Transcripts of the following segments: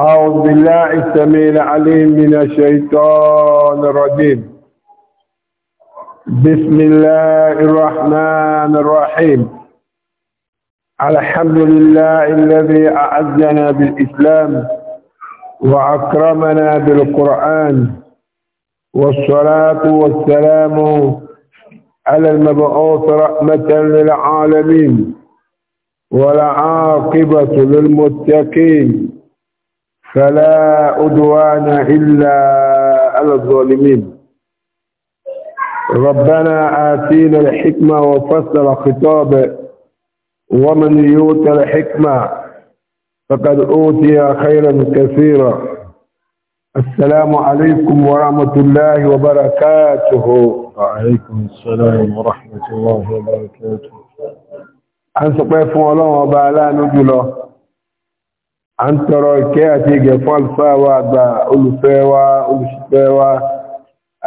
أعوذ بالله السميع العليم من الشيطان الرجيم بسم الله الرحمن الرحيم الحمد لله الذي أعزنا بالإسلام وأكرمنا بالقرآن والصلاة والسلام على المبعوث رحمة للعالمين ولعاقبة للمتقين فلا عدوان إلا على الظالمين ربنا آتينا الحكمة وفصل خطابه ومن يؤت الحكمة فقد أوتي خيرا كثيرا السلام عليكم ورحمة الله وبركاته وعليكم السلام ورحمة الله وبركاته أنسى قيف الله وبعلا نجله à ń tọrọ ìkẹ́ àti ìgẹ̀ fún àlùfáà wa àgbà olùfẹ́ wa olùṣìpẹ̀ wa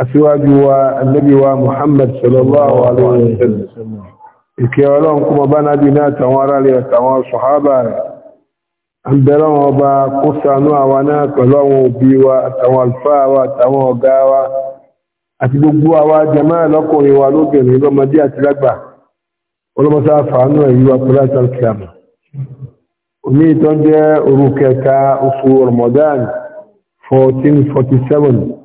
aṣíwájú wa annabi wa muhammad sallallahu alaihi wa sallam ìkẹ́ ọlọ́run kó mọ bá nábi náà tàwọn ará rẹ̀ àtàwọn sọ̀hábà rẹ̀ ń bẹ̀rẹ̀ wọn ọba kó ṣàánú àwa náà pẹ̀lú àwọn òbí wa àtàwọn àlùfáà wa àtàwọn ọ̀gá wa àti gbogbo wa lóbìnrin lọ́mọdé wa ونيت عند ركعتا اصول رمضان 1447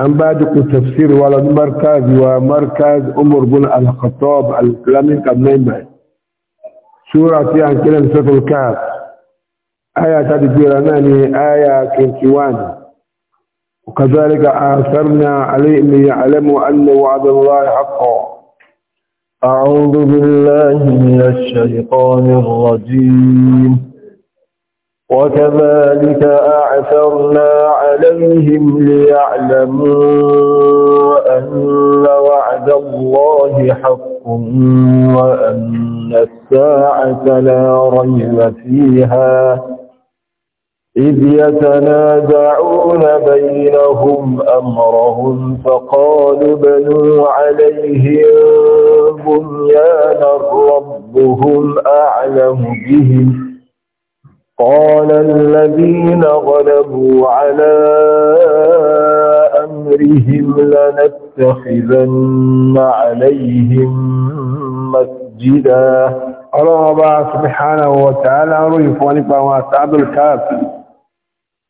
أم بعد تفسير ولا مركز ومركز عمر بن الخطاب الكلام قبل ما سورة عن كلام سورة الكهف آية تدبير أمامي آية كنتوان وكذلك آثرنا عليهم ليعلموا أن وعد الله حقا أعوذ بالله من الشيطان الرجيم وكذلك أعثرنا عليهم ليعلموا أن وعد الله حق وأن الساعة لا ريب فيها إذ يتنازعون بينهم أمرهم فقالوا بنوا عليهم بنيانا ربهم أعلم بهم قال الذين غلبوا على أمرهم لنتخذن عليهم مسجدا الله سبحانه وتعالى رؤية فوالك وما الكافر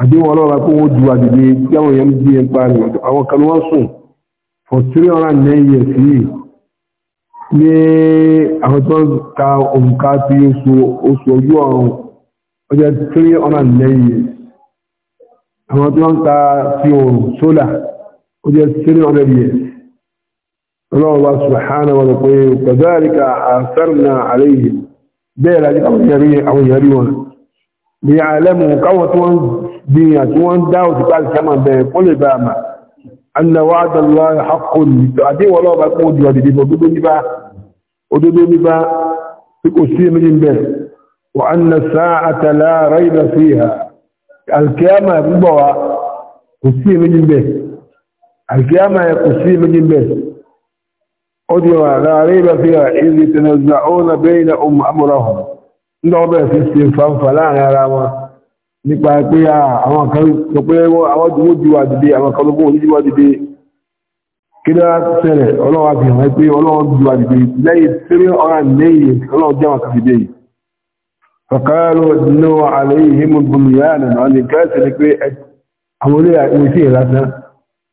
àdéhùn ọlọ́ọ̀lá kó wọ́n ju àdìdè tí àwọn èèyàn gbé ẹ̀pá rẹ̀ àwọn kan wọ́n sùn for three hundred and nine years yìí ní àwọn tí wọ́n ka òǹkà ti oṣù oṣù ojú ọ̀run ọjọ́ three hundred and nine years àwọn tí wọ́n ka ti oòrùn sólà ọjọ́ three hundred years ọlọ́ọ̀lá subhanahu wa ta'ala kadhalika àṣàrùnà àlẹ́yìn bẹ́ẹ̀ láti àwọn èèyàn rí wọn ní àlẹ́mù káwọn tí wọ́n gbìyàn tí wọ́n dá òsìpá ìsámà bẹ̀rẹ̀ kó lè bá àmà annáwà àdàlá àkọlù ìtọ́ àdéwọlọ́ ọba kún òdìwà dìde òdodo níbá òdodo níbá tí kò sí èmi níbẹ̀ wà anna sáà àtàlá ráìdà sí ìhà alkiyama gbọ́ wa kò sí èmi níbẹ̀ alkiyama kò ìrìn tẹnazà ó na bẹ́ẹ̀ na ọmọ amúrahùn ń lọ bẹ̀rẹ̀ sí ṣe fanfà láàrin ara wọn nípa pé àwọn kan sọ pé àwọn dúró di wà dìde àwọn kan lókún onídìí wà dìde kí ló ṣẹlẹ̀ ọlọ́run àti ìrìn pé ọlọ́run di wà dìde lẹ́yìn tírí ọ̀rà lẹ́yìn ọlọ́run jẹ́ àwọn kan dìde yìí fọ̀kárọ̀ nínú àlẹ́ yìí mú gbọmù yá ànàmà ní kẹ́sì ni pé àwọn olè ìwé sí ìlàsán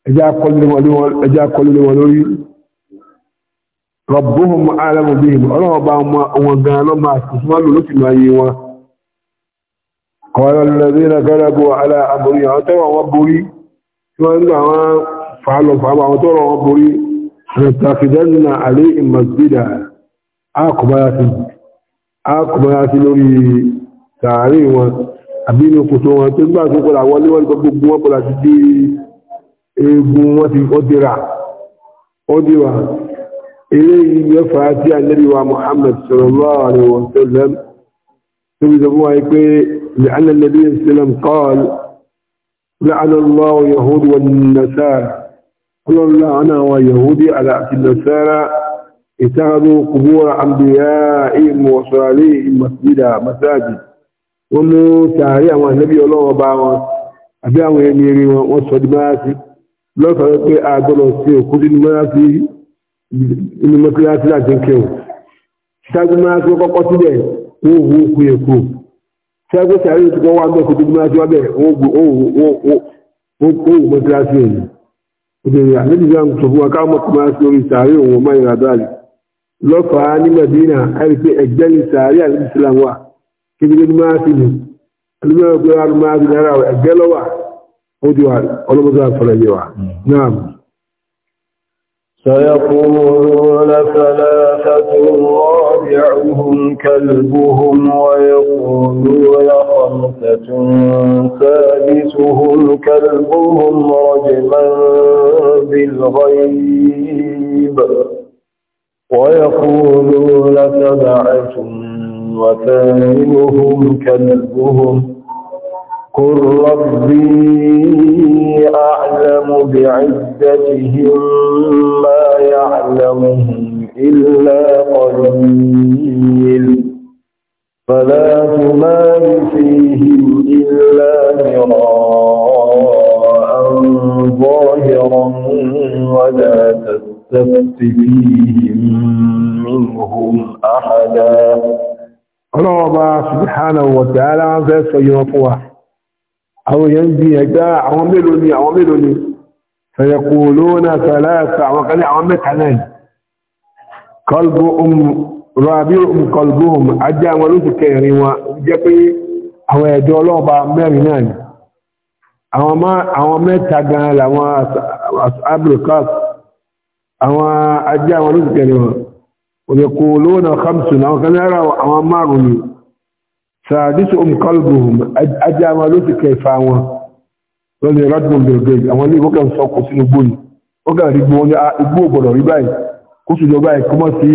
ẹjá kọlùlé قال الذين غلبوا على أمرهم أتوا وبري وأنهم فعلوا فعلوا أتوا وبري نتخذن عليهم مسجدا أقبلت أقبلت لوري تعريم أبين كتوما تنبع سوكل أولي والبقبوا قلت دي egun wọn ti ọdíra ọdíra eléyìí mẹ́fà tí a nẹ́bí wa Muhammad sallallahu alaihi wa sallam tó bí sọ fún wa pé لأن النبي صلى الله عليه وسلم قال لعن الله يهود والنسارى قل لعن ويهودي على النسارى اتخذوا قبور أنبيائهم وصالحهم مسجدا مساجد ومن ساري النبي الله وبعوان أبي أما يميري وصد ماسي لو فلقي أعدل السيو كل المناسي من مكلاسي لا تنكيو ماسي وقوة تدين وهو كيكو ṣẹ́gbẹ́ sàárì tí wọ́n wá ń bẹ̀ kó tóbi máa ṣe wá bẹ̀ owó mọ́tíráṣí ẹ̀yìn obìnrin àmìlì náà sọ fún wa káwọn mọ́kù máa ṣe orí sàárì òun máa yàrá dáàlì lọ́fàá ní Madina àìrí pé ẹgbẹ́ ní sàárì àti Islam wà kébìlẹ̀ ní máa ṣe ní alúmọ̀ ẹgbẹ́ máa ṣe náírà ẹgbẹ́ lọ́wà ó di wà ọlọ́mọdé àfọlẹ́yẹ wa náà سيقولون ثلاثة رابعهم كلبهم ويقولون خمسة سادسهم كلبهم رجما بالغيب ويقولون سبعة وثامنهم كلبهم قل ربي أعلم بعزتهم ما يعلمهم إلا قليل فلا تمال فيهم إلا مراء ظاهرا ولا تستفت فيهم منهم أحدا الله سبحانه وتعالى عز وجل àwọn èèyàn ń gbìyàn gbá àwọn mélòó ni àwọn mélòó ni fẹ̀yẹ̀kù lóòna sàlẹ́sà àwọn kan ní àwọn mẹ́ta náà kọlbù rabi kọlbù ajé àwọn olóṣù kẹrin wọn jẹ́ pé àwọn ẹ̀dọ́ ọlọ́ọ̀bá mẹ́rin náà ni àwọn mẹ́ta gan làwọn سادسهم قلبهم أجاملوا كيفاوا lọ́lẹ̀ radmond belgrade àwọn ilé ìwọ́kẹ̀ ń sọkọ̀ sínú gbóyìn ó gà rí gbóyìn igbó gbọ́dọ̀ rí báyìí kó sì jọba ẹ̀kọ́ mọ́ sí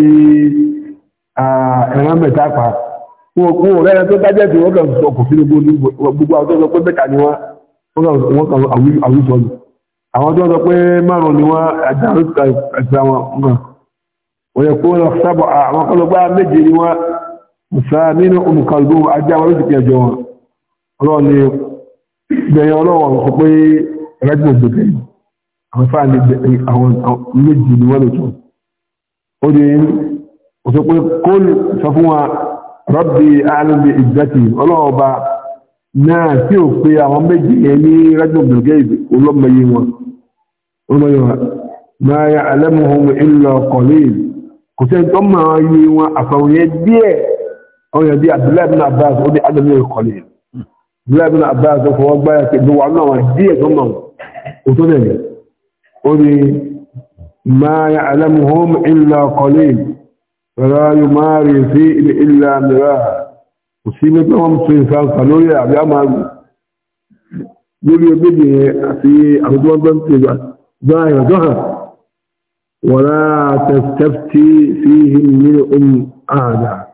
ẹ̀rán mẹ́ta pa wọn ò rẹ́rẹ́ tó dájẹ́ tí wọ́n kàn sọkọ̀ sínú gbóyìn gbogbo àwọn tó sọ pé mẹ́ta ni wọ́n kàn àwùjọ ni àwọn tó sọ pé márùn ni wọ́n àjàrú ẹ̀sẹ̀ wọn wọ́n yẹ kó lọ sábọ̀ àwọn kọlọ́gbá mùsàmínú olùkọlùbù ajáwọ̀ lóṣù kẹjọ ọlọ́ni gbẹ̀yẹ ọlọ́wọ̀ sọ pé rẹ́gbẹ̀ ògbèkè àwọn fáàlì àwọn méjì ni wọ́n lò tó ó di ó sọ pé kóòlù sọ fún wa rọ́bì alùbí ìgbàtì ọlọ́ọba náà tí ò pé àwọn méjì yẹn ní rẹ́gbẹ̀ ògbèkè olómọye wọn olómọye wọn máa yà alẹ́mùhùn ìlọ kọ̀lé kò sẹ́ni tó máa yé wọn àfàwòyẹ díẹ̀ أو يدي عبد الله بن عباس ودي عدد من القليل عبد الله بن عباس وهو بايك دو عنا ودي ثم وتنجي ودي ما يعلمهم إلا قليل ولا يماري فيه إلا مراء وسيمت لهم سيسان قالوا يا أبي أمر يقول يبدي في أرضوان بنت ظاهرة ظهر ولا تستفتي فيهم من أم أعداء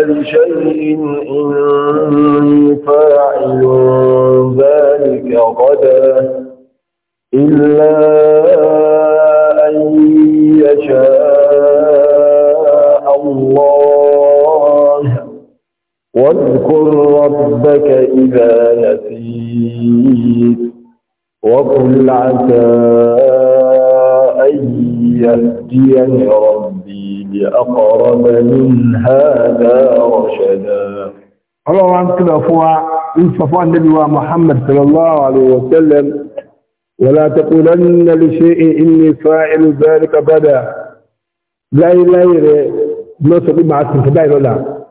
لشيء إني فاعل ذلك غدا إلا أن يشاء الله واذكر ربك إذا نسيت وقل عسى أن يهديني ربي لأقرب من هذا رشدا الله عن كده النبي محمد صلى الله عليه وسلم ولا تقولن لشيء إني فاعل ذلك بدا لا إله ما سبب مع السنتباه ولا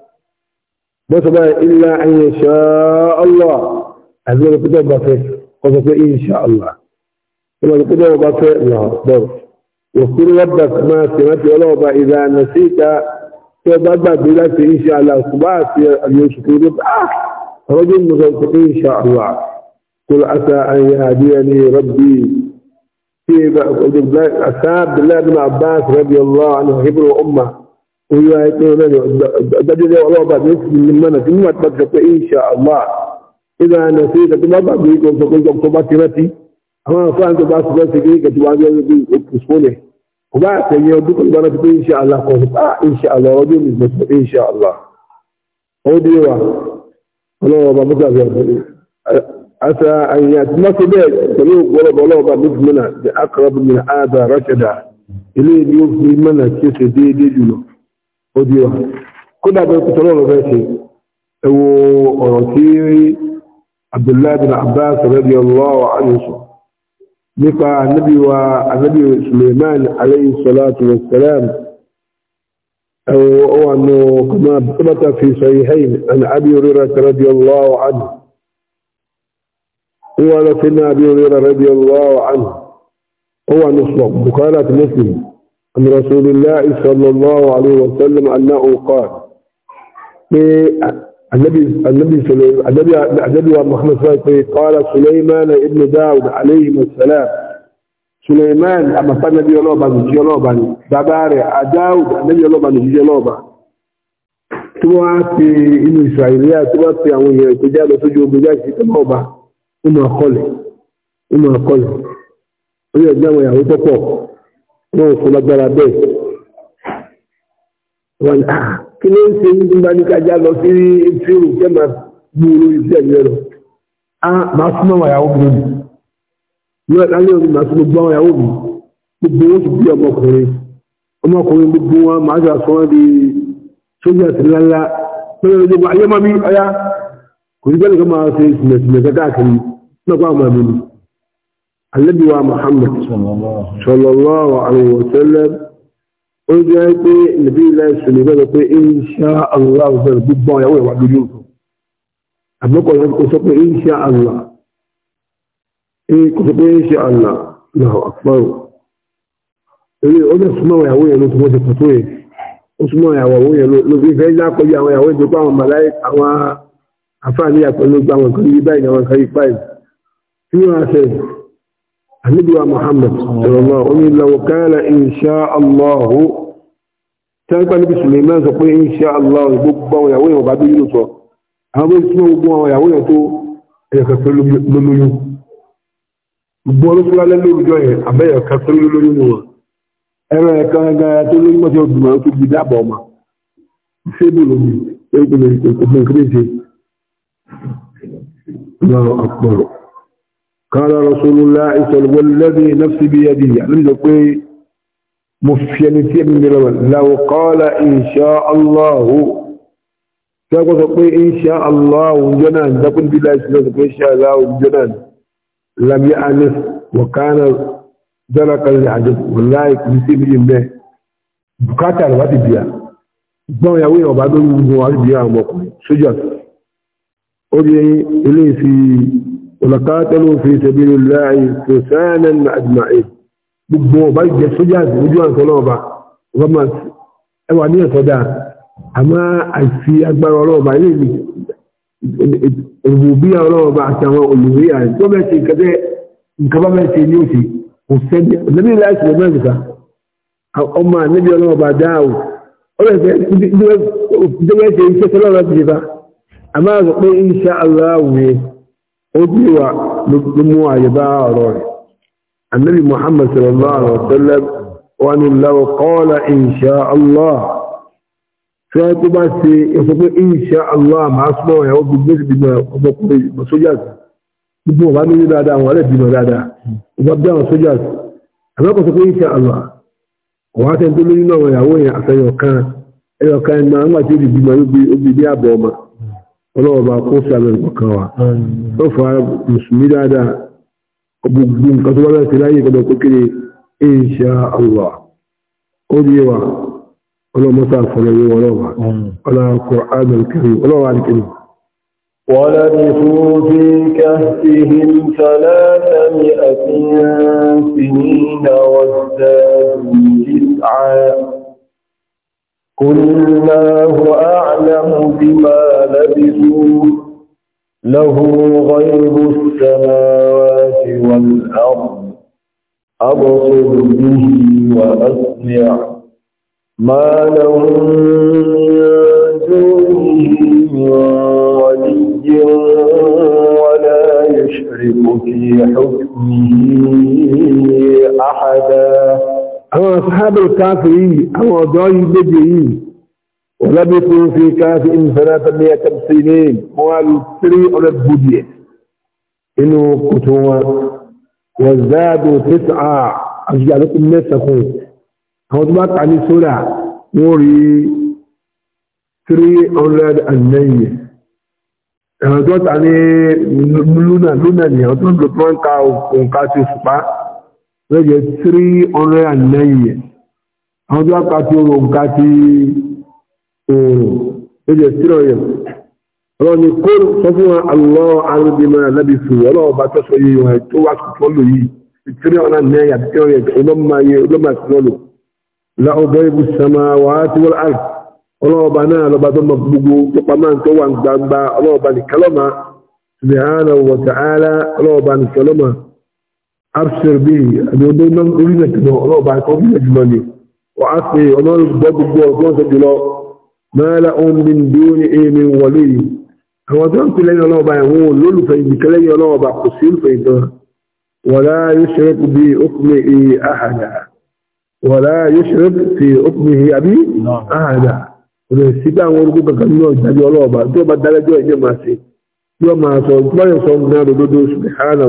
لا سبب إلا أن يشاء الله أزول كتب بفك قصة إن شاء الله ثم الكتب بفك الله دور وكل ربك ما سمت ولو إذا نسيت فضبت بلاك إن شاء الله صباح يوسف يدفع آه، رجل مزلتك إن شاء الله قل عسى أن يهديني ربي في أساب بالله بن عباس رضي الله عنه حبر وأمة ويقول لنا دجل الله بعد يكفي من منا ثم إن شاء الله إذا نسيت ما بعد يكون فقلت أكتبات رتي àwọn àfáàn tó bá ti bẹ́ẹ̀ ṣègbè kẹtù wá bí ẹni bí òpùsùnlẹ̀ kò bá àtẹ̀yẹ ọdún kan gbára ti pé insha Allah kan bá insha Allah ọdún mi gbọ́dọ̀ pé insha Allah ó dé wa ọlọ́wọ́ ọba mọ́tò àti àbúrò àti àyìn àti mọ́tò bẹ́ẹ̀ pẹ̀lú ọgbọ́lọ́gbọ́ ọlọ́ọ̀ba mọ́tò mẹ́nà the akrab min ada rashada ilé ni ó fi mẹ́nà tí ó ṣe déédéé jùlọ ó dé wa kódà bẹ́ẹ̀ kùtọ́ lọ́rọ̀ fẹ́ ṣe ẹ wo ọ̀rọ̀ tí Abdullahi bin Abbas radiyallahu anhu sọ بقى نبي ونبي سليمان عليه الصلاة والسلام أو أنه كما ثبت في صحيحين عن أبي هريرة رضي الله عنه هو لكن أبي هريرة رضي الله عنه هو نصبه بقالة مسلم عن رسول الله صلى الله عليه وسلم أنه قال النبي النبي النبي محمد صلى الله عليه وسلم قال سليمان ابن داود عليه السلام سليمان أما كان نبي الله بان جي الله بان دبار داود نبي الله بان جي الله بان توا في إنه إسرائيلية توا في أمون يتجاب سجو بجاك تما با أما خل أما خل ويا جماعة يا وتوكو ما وصل الدرجة وان آه kí ló ń ṣe ní bí máa ní kájá lọ sí tírù kẹ́ máa gbú olórí sí ẹ̀yẹ́ lọ. a máa súnmọ́ àwọn ìyàwó mi lónìí ní ọ̀dà lé omi máa súnmọ́ gbọ́n ìyàwó mi gbogbo wọn ti bí ọmọkùnrin ọmọkùnrin gbogbo wọn máa jà sọ wọn di sójà sí ńláńlá pẹ̀lú ọjọ́ ìgbà ayé mami ọ̀yá kò sí bẹ́ẹ̀ máa ṣe ìsìnlẹ̀sìnlẹ̀ káàkiri lọ́gbà ọmọ mi ni alẹ́bíwá Muhammad sallallahu alaihi wa sallam ó jẹ́ pé nàbí ilẹ̀ ìṣẹ̀lẹ̀ bẹ́ẹ̀ pé insha Allah bẹ̀rẹ̀ gbogbo ìyàwó ìwà lórí òkú àbúkọ̀ yẹn kò sọ pé insha Allah kò sọ pé insha Allah náà àpárò èyí ó jẹ́ súnmọ́ ìyàwó yẹn ló tó wọ́n ti pàtó yẹn ó súnmọ́ ìyàwó yẹn ló fi fẹ́ já kọjú àwọn ìyàwó ìjọba àwọn màláì àwọn àfáàní àpẹẹlú gba àwọn nǹkan yìí báyìí àwọn nǹkan yìí báyìí tí wọ́n sẹ́ńpẹ́ níbi Suleiman sọ pé insha Allah gbogbo àwọn ìyàwó yẹn bá bí yìí sọ àwọn bó tí gbogbo àwọn ìyàwó yẹn tó ẹ̀yọ̀kẹ́ pé lólóyún gbogbo olóṣèlú lórúkọ yẹn àbẹ́yọ̀kẹ́ pé lólóyún wọn ẹ̀rọ ẹ̀ka ẹ̀ka tó lóyún mọ́tò ọdún àwọn tó di dábọ̀ ọmọ sébù lómi ẹ̀kọ́ nǹkan méje lọ́rọ̀ àpọ̀rọ̀ رسول الله صلى الله عليه وسلم والذي نفسي بيده لم يقل مفينتي من الأول لو قال إن شاء الله تقول تقول إن شاء الله جنان تقول بلا إسلام إن شاء الله جنان لم يأنف وكان ذلك العجب والله يسيب جنبه بكاتا الوقت بيا gbọ́n ìyàwó ìyàn ọba lórí gbogbo wa níbi àwọn ọkùnrin sójà ó di ilé ìfi ọ̀làkátẹ́lú fi sabilillahi tó sáánà àjùmáà gbogbo ọba ìjẹ sójà lójú àǹtọ́ romans ẹwà ní ẹ̀tọ́ dáa àmọ́ àìsí agbára ọlọ́ọ̀ba ilé mi òbíà ọlọ́ọ̀ba àti àwọn olùwé àrẹ tó bẹ́ẹ̀ ṣe nǹkan bẹ́ẹ̀ nǹkan bá bẹ́ẹ̀ ṣe ní òsì kò sẹ́ni ọrụ láìsí ọmọ ọlọ́ọ̀ba o ti àmọ́ pé النبي محمد صلى الله عليه وسلم وأن لو قال إن شاء الله فأتبع يقول إن شاء الله مع أسماء ويعود بالنسبة بما سجاد gbogbo ọba ní nínú dáadáa wọn alẹ́ bímọ dáadáa ọba bí àwọn sójà sí àmọ́kọ̀ sọ pé ìṣe àlọ́ ọ̀wá tẹ́ntó lórí náà ìyàwó yẹn àfẹ́yọ̀ kan ẹyọ̀ kan ẹgbẹ́ àwọn àti ìdí bímọ obì ní àbọ̀ ọmọ ọlọ́wọ́ bá kó sí abẹ́rẹ́ kọ̀ọ̀kan wa tó fọ mùsùlùmí dáadáa gbogbo nǹkan tó bá bẹ̀rẹ̀ sí láyé gbọdọ̀ kó kéré insha Allah ó di wa ọlọ́mọta àfọ̀rọ̀ ìwé ọlọ́wà ọlá Qur'an al-Karim ọlọ́wà al-Karim. ولبثوا في كهفهم ثلاث مئة سنين وازدادوا تسعا قل الله أعلم بما لبثوا له غيب السماوات والأرض أبصر به وأسمع ما لهم من دونه من ولا يشرك في حكمه أحدا أو أصحاب الكافرين أو أدعي بديين ولبثوا في كافرين ثلاثة مئة سنين وقالوا على بديه inú kòtò wọn wọ́n záàdù títà àṣìyà ló kún mẹ́sàkùn àwọn tó bá ta ní sódà wọ́n rí 309 ẹ̀rọ tó ta ní lúnà lúnà ní àwọn tó ń lò tó ń ka òǹkà ti fùpá lẹ́jẹ̀ 309 àwọn tó bá ta ti òǹkà ti òòrùn lẹ́jẹ̀ 309 rọ̀nì kóró sọ fún wa àlọ́ arúgbìmọ̀ lábì fún wọn náà bá tọ́sọ yìí wọn tó wá tó lò yìí ìtúrẹ́ ọ̀nà mẹ́rin àti ẹ̀rọ ẹ̀jẹ̀ ọlọ́mọ ayé ọlọ́mọ àti lọ́lọ́ láọ̀bọ̀ ibù sàmà wà á ti wọ́n àrùn ọlọ́ọ̀bà náà lọ́ba tó mọ gbogbo tó pamọ́ tó wà gbangba ọlọ́ọ̀bà nìkálọ́mà subhanahu wa ta'ala ọlọ́ọ̀bà nìkálọ́mà absir bi àti ní dúró ní èmi wọlé àwọn tó ń pè lẹ́yìn ọlọ́ọ̀bá àwọn olólùfẹ́ ìdíkẹ́ lẹ́yìn ọlọ́ọ̀bá kò sí ìfẹ́ ìtàn wọ̀lá yóò ṣeré bí ókùnrin èyí àhàdà wọ̀lá yóò ṣeré bí ókùnrin èyí àbí àhàdà rẹ̀ sígbà àwọn orúkọ kankan ní ọ̀jáde ọlọ́ọ̀bá tí ó bá dájọ́ ẹ̀jẹ̀ máa ṣe tí ó máa sọ báyọ̀ sọ ní àdòdó subhana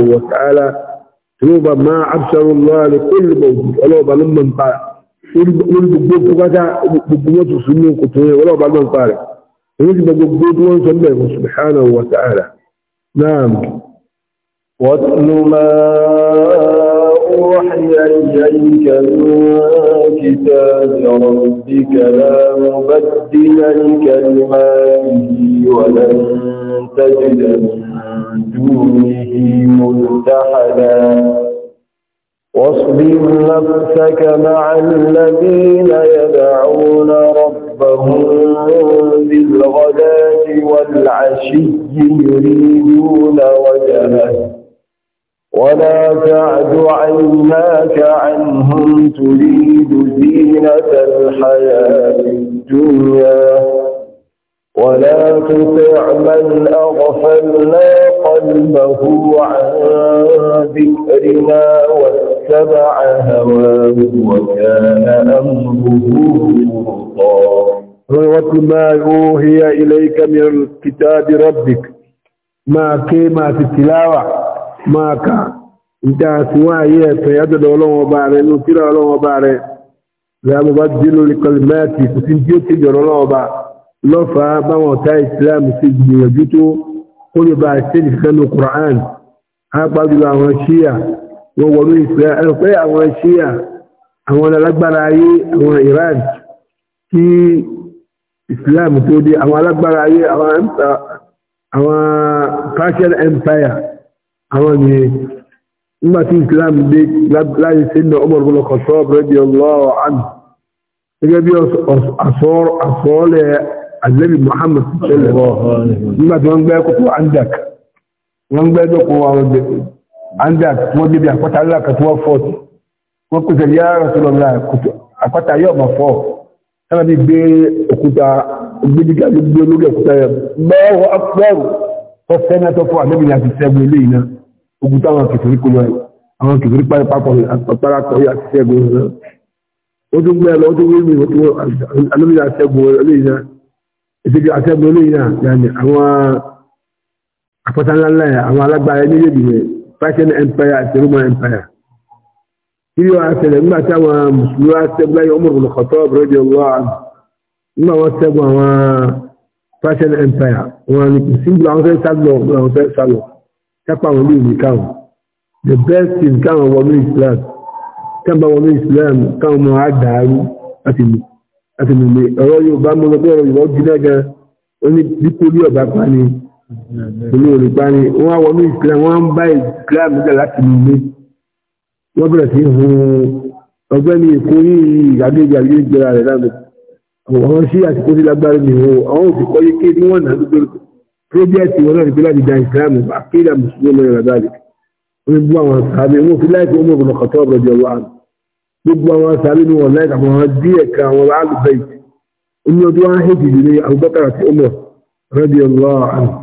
ọlọ́ọ̀bá ló mọ̀ nípa rẹ̀ يجب وجود وانسلم سبحانه وتعالى نعم واتل ما أوحي إليك من كتاب ربك لا مبدل لكلماته ولن تجد من دونه ملتحدا واصبر نفسك مع الذين يدعون ربهم بالغداة والعشي يريدون وجهه ولا تعد عيناك عنهم تريد زينة الحياة الدنيا ولا تطع من أغفلنا قلبه عن ذكرنا واتبع هواه وكان أمره فرطا واتل ما يوهي إليك من كتاب ربك ما كيما في التلاوة ما كان انت سواية فيدد ولو وباري نوتر ولو وباري لا مبدل لكلماتي فتنجيو تجر ولو وباري لفا بموتا إسلام سجن يجوتو قل بارسين في القرآن هكذا àwọn ṣíyà wọ́n wọ́n ní ìfẹ́ ẹ̀pẹ́ àwọn ṣíyà àwọn alágbára ayé àwọn Iran kí Islam tó dé àwọn alágbára ayé àwọn Persian Empire àwọn ni nígbà tí Islam dé láyé sí ní ọmọ ìgbọ́n kọ̀tọ́ rẹ́díò lọ́wọ́ àmì gẹ́gẹ́ bí Muhammad àńdà tí wọ́n débi àpáta ńlá kan tí wọ́n fọ́ tí wọ́n kó sẹ́lẹ̀ yára tó lọ́la àpáta yóò máa fọ́ sábà bí gbé òkúta gbédìgá ló gbé olórí òkúta rẹ̀ lọ́wọ́ akpọ́rù tó sẹ́ni tó fọ́ àdébìnrin àti sẹ́gun eléyìí náà òkúta àwọn kìfìrí kó lọ àwọn kìfìrí parí papọ̀ àpárapọ̀ yóò àti sẹ́gun náà ó tún gbé lọ ó tún wéwì àdébìnrin àti sẹ́gun eléyìí náà ìṣèjì àti sẹ́gun eléyìí náà àwọn àpáta ńlá ńlá àwọn alágbára ẹni Persian Empire àti Roman Empire. Kí yóò àṣẹlẹ̀ nígbà tí àwọn Mùsùlùmí wá ṣẹ́gun láyé Umar ibn Khattab radiyallahu anhu. Nígbà wọ́n ṣẹ́gun àwọn Persian Empire, wọn ni kò síbi àwọn fẹ́ sálọ àwọn fẹ́ sálọ. Kápá àwọn ilé ìlú káwọn. The best thing káwọn wọnú Islam. Káwọn wọnú Islam káwọn mọ àdàárú láti lè. Láti lè ọ̀rọ̀ Yorùbá mọ́ lọ́gbọ́n ọ̀rọ̀ Yorùbá jìnnà gan-an. Ó ní bí kò rí ọ̀bá pa ni èmi ò lè gbá ni wọ́n á wọnú ìsìlẹ̀ wọ́n ń bá ìsìlẹ̀ mi jà láti mi lé wọ́n bẹ̀rẹ̀ sí hun ọgbẹ́ni èkó yìí ìgbàgbéjà yìí jẹra rẹ̀ lágbo àwọn sí àsìkò sí lágbára mi o àwọn òsì kọ́ yéké ní wọ́n náà gbé pírójẹ́tì wọn náà ní pé láti da ìsìlámù àkéèdà mùsùlùmí ọmọ ìrọ̀lá rẹ̀ wọ́n bú àwọn sàbẹ̀ wọn fi láìpẹ́ wọn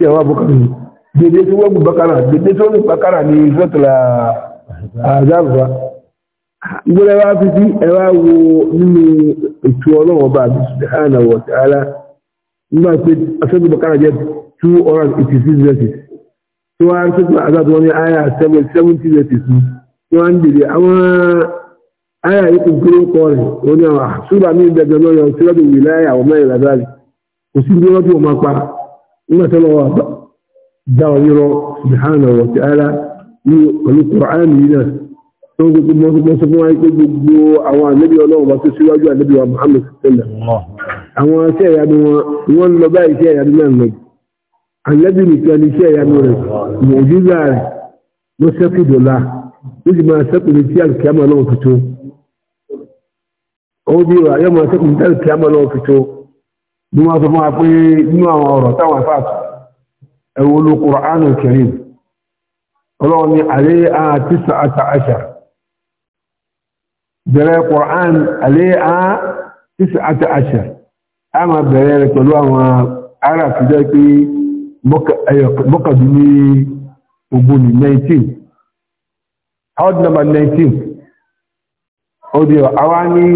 yawa bukari daidai su wani bakara daidai su bakara ne zatula a zaruwa gbọ́dọ̀ wá fi sí ẹwà wo nínú ètò ọlọ́wọ́ bá àbí sùdánà wọ̀ sí ara nígbà pé asọ́jú bakara jẹ́ 286 verses tí wọ́n á ń wọn ní àyà 70 verses ní wọ́n á ń àwọn àyà yìí kò kọ́ rẹ̀ wọ́n ní àwọn ah, lọ́yọ̀ sílẹ̀ nígbà tó lọ́wọ́ dá ọ̀rírọ̀ subhanahu wa ta'ala ní pẹ̀lú Kùránì yìí náà tó ń gbogbo mọ́sọ́gbọ́n sọ fún wáyé pé gbogbo àwọn ànábì ọlọ́run bá tó síwájú ànábì wa Muhammad sallẹ̀ àwọn iṣẹ́ ìyanu wọn wọ́n lọ bá iṣẹ́ ìyanu náà lọ ànábì nìkan ní iṣẹ́ ìyanu rẹ̀ mọ̀jíríà rẹ̀ ló sẹ́kù dọ̀la ó sì máa sẹ́kù ní tí àlùkìyàmọ̀ náà fi tó ó bí wà yóò máa sẹ́kù ní tí àlùkìyàmọ̀ náà fi tó bí wọ́n sọ fún wa pé nínú àwọn ọ̀rọ̀ táwọn àfáàtù ẹwọ ló Qur'an al-Karim ọlọ́run ni alẹ́ a tísà àtà àṣà bẹ̀rẹ̀ Qur'an alẹ́ a tísà àtà àṣà a máa bẹ̀rẹ̀ rẹ̀ pẹ̀lú àwọn ará àfijọ́ pé mọ́kàdú ní 19 odd number 19 ó di àwọn ní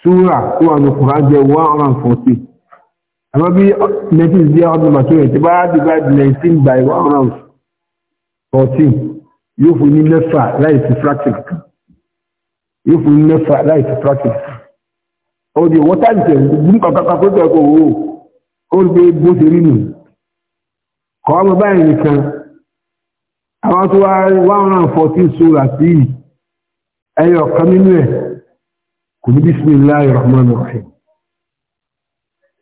súrà tó wà ní 114 àmọ́ bí nineteen zero ọdún maturin ti bá divide nineteen by one round fourteen yóò fún ní mẹ́fà láì sí practice kan yóò fún ní mẹ́fà láì sí practice kan ó di water jẹ gbúgbà pápá tó tẹ̀ kó owó ó gbé bó ṣe rí nù kọ́ ọmọ báyìí nìkan àwọn tó wá one round fourteen sóra sí yìí ẹyọ kan nínú ẹ kò ní bismillahir rahmanir rahim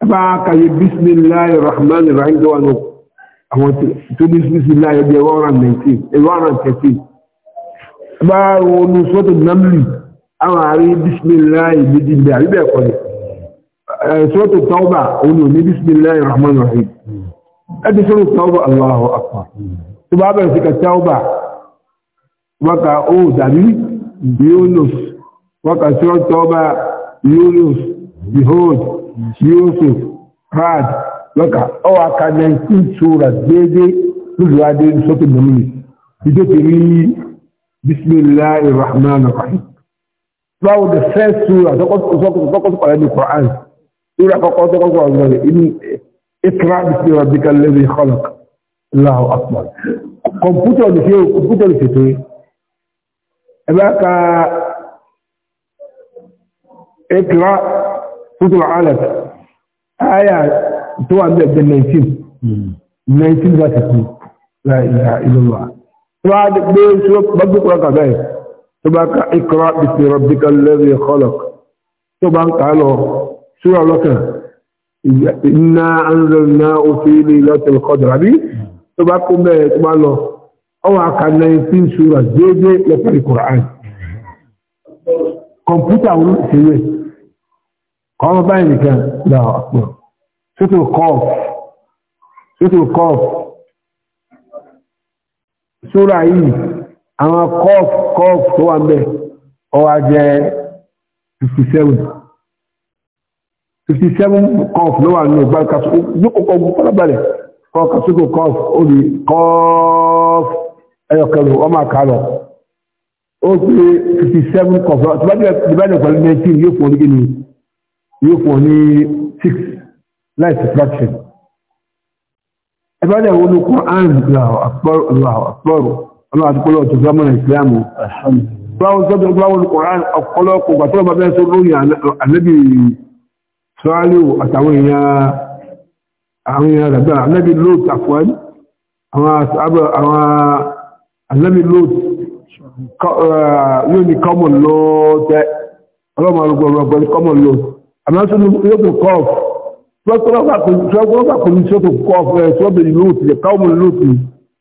bá kàyé bisimilayi rahman rahim tó wà ní àwọn tó ní bisimilayi ọdún ẹwà ọ̀rọ̀ nẹ̀tì ẹwà ọ̀rọ̀ tẹ̀tì bá ronú sọ́tò namli àwọn àárín bisimilayi méjì bẹ̀ àríbẹ̀ ẹ̀kọ́ ni sọ́tò tọ́ọ̀bà òun ò ní bisimilayi rahman rahim ẹ̀dí sọ́tò tọ́ọ̀bà Allahu akbar tó bá bẹ̀rẹ̀ sí ka tọ́ọ̀bà wákà ó dàbí Yunus wákà sọ́tò tọ́ọ̀bà Yunus Behold Yusuf Rad lọ́kà ọwọ́ aka 19 sura déédé lóṣùwádé sọ́tò domini ìdó ti rí bismillahir rahmanir rahim. Báwo the first sura tọ́kọ́sọ́ pàdé ní Quran sura kọ́kọ́ tọ́kọ́sọ́ ọ̀gbọ́n rẹ̀ inú ikra bismi rabbika alladhi khalaq Allahu akbar. Kọ̀mpútà lè ṣe kọ̀mpútà lè ṣètò ẹ̀ bá ka ikra sókè wàhálà àyà tó wà bẹ́ẹ̀ jẹ́ 19 19 láti kú láìlà ìlúwà tó bá gbé gbogbo kúrọ̀ kàbẹ́ tó bá ka ikra bismi rabbikal ladhi khalaq tó bá ń kà lọ súra lọ́kàn inna anzalnahu fi laylatil qadr àbí tó bá kó bẹ́ẹ̀ tó bá lọ ọwọ́ aka 19 súra déédéé lọ́pẹ̀lẹ̀ kùrọ̀ àyè kọ̀mpútà wọn ṣe wẹ̀ kọ́mọ báyìí nìkan láwọ̀ àpò ṣètò kọ́ọ̀f ṣètò kọ́ọ̀f ṣúra yìí àwọn kọ́ọ̀f kọ́ọ̀f tó wà mẹ́ ọwà jẹ́ 57 57 kọ́ọ̀f ló wà ní ọgbà kàṣù yókòkò fọ́lábalẹ̀ kọ́ọ̀kàṣùkò kọ́ọ̀f ó di ẹyọkẹlù ọmọ àkàlọ̀ ó pé 57 kọ́ọ̀f tó bá jẹ́ 19 yóò fún oníkè yóò fún ọ ní six láì subtraction ẹbá dẹ̀ wọ́n ní Quran àpọ̀rọ̀ ọlọ́wà tí kọ́lọ̀ tó gbámọ̀ ìsìlámù báwọn tó tó gbáwọn ní Quran ọ̀pọ̀lọpọ̀ gbàtọ́ bá bẹ́ẹ̀ tó lórí ànábì sọ́álù àtàwọn èèyàn àwọn èèyàn rẹ̀ bẹ́ẹ̀ ànábì lóòt àfọ́ẹ́lì àwọn ànábì lóòt yóò ní common law tẹ́ ọlọ́mọ arúgbó ọgbẹ́ni common law àmọ́ sọ́nà yóò tó kọ́ ọ̀fọ́lọ́pàá kò ní tí ó tó kọ́ ọ̀fọ́ ẹ̀ sọ́bìnrin lóòtù lè káwọn lóòtù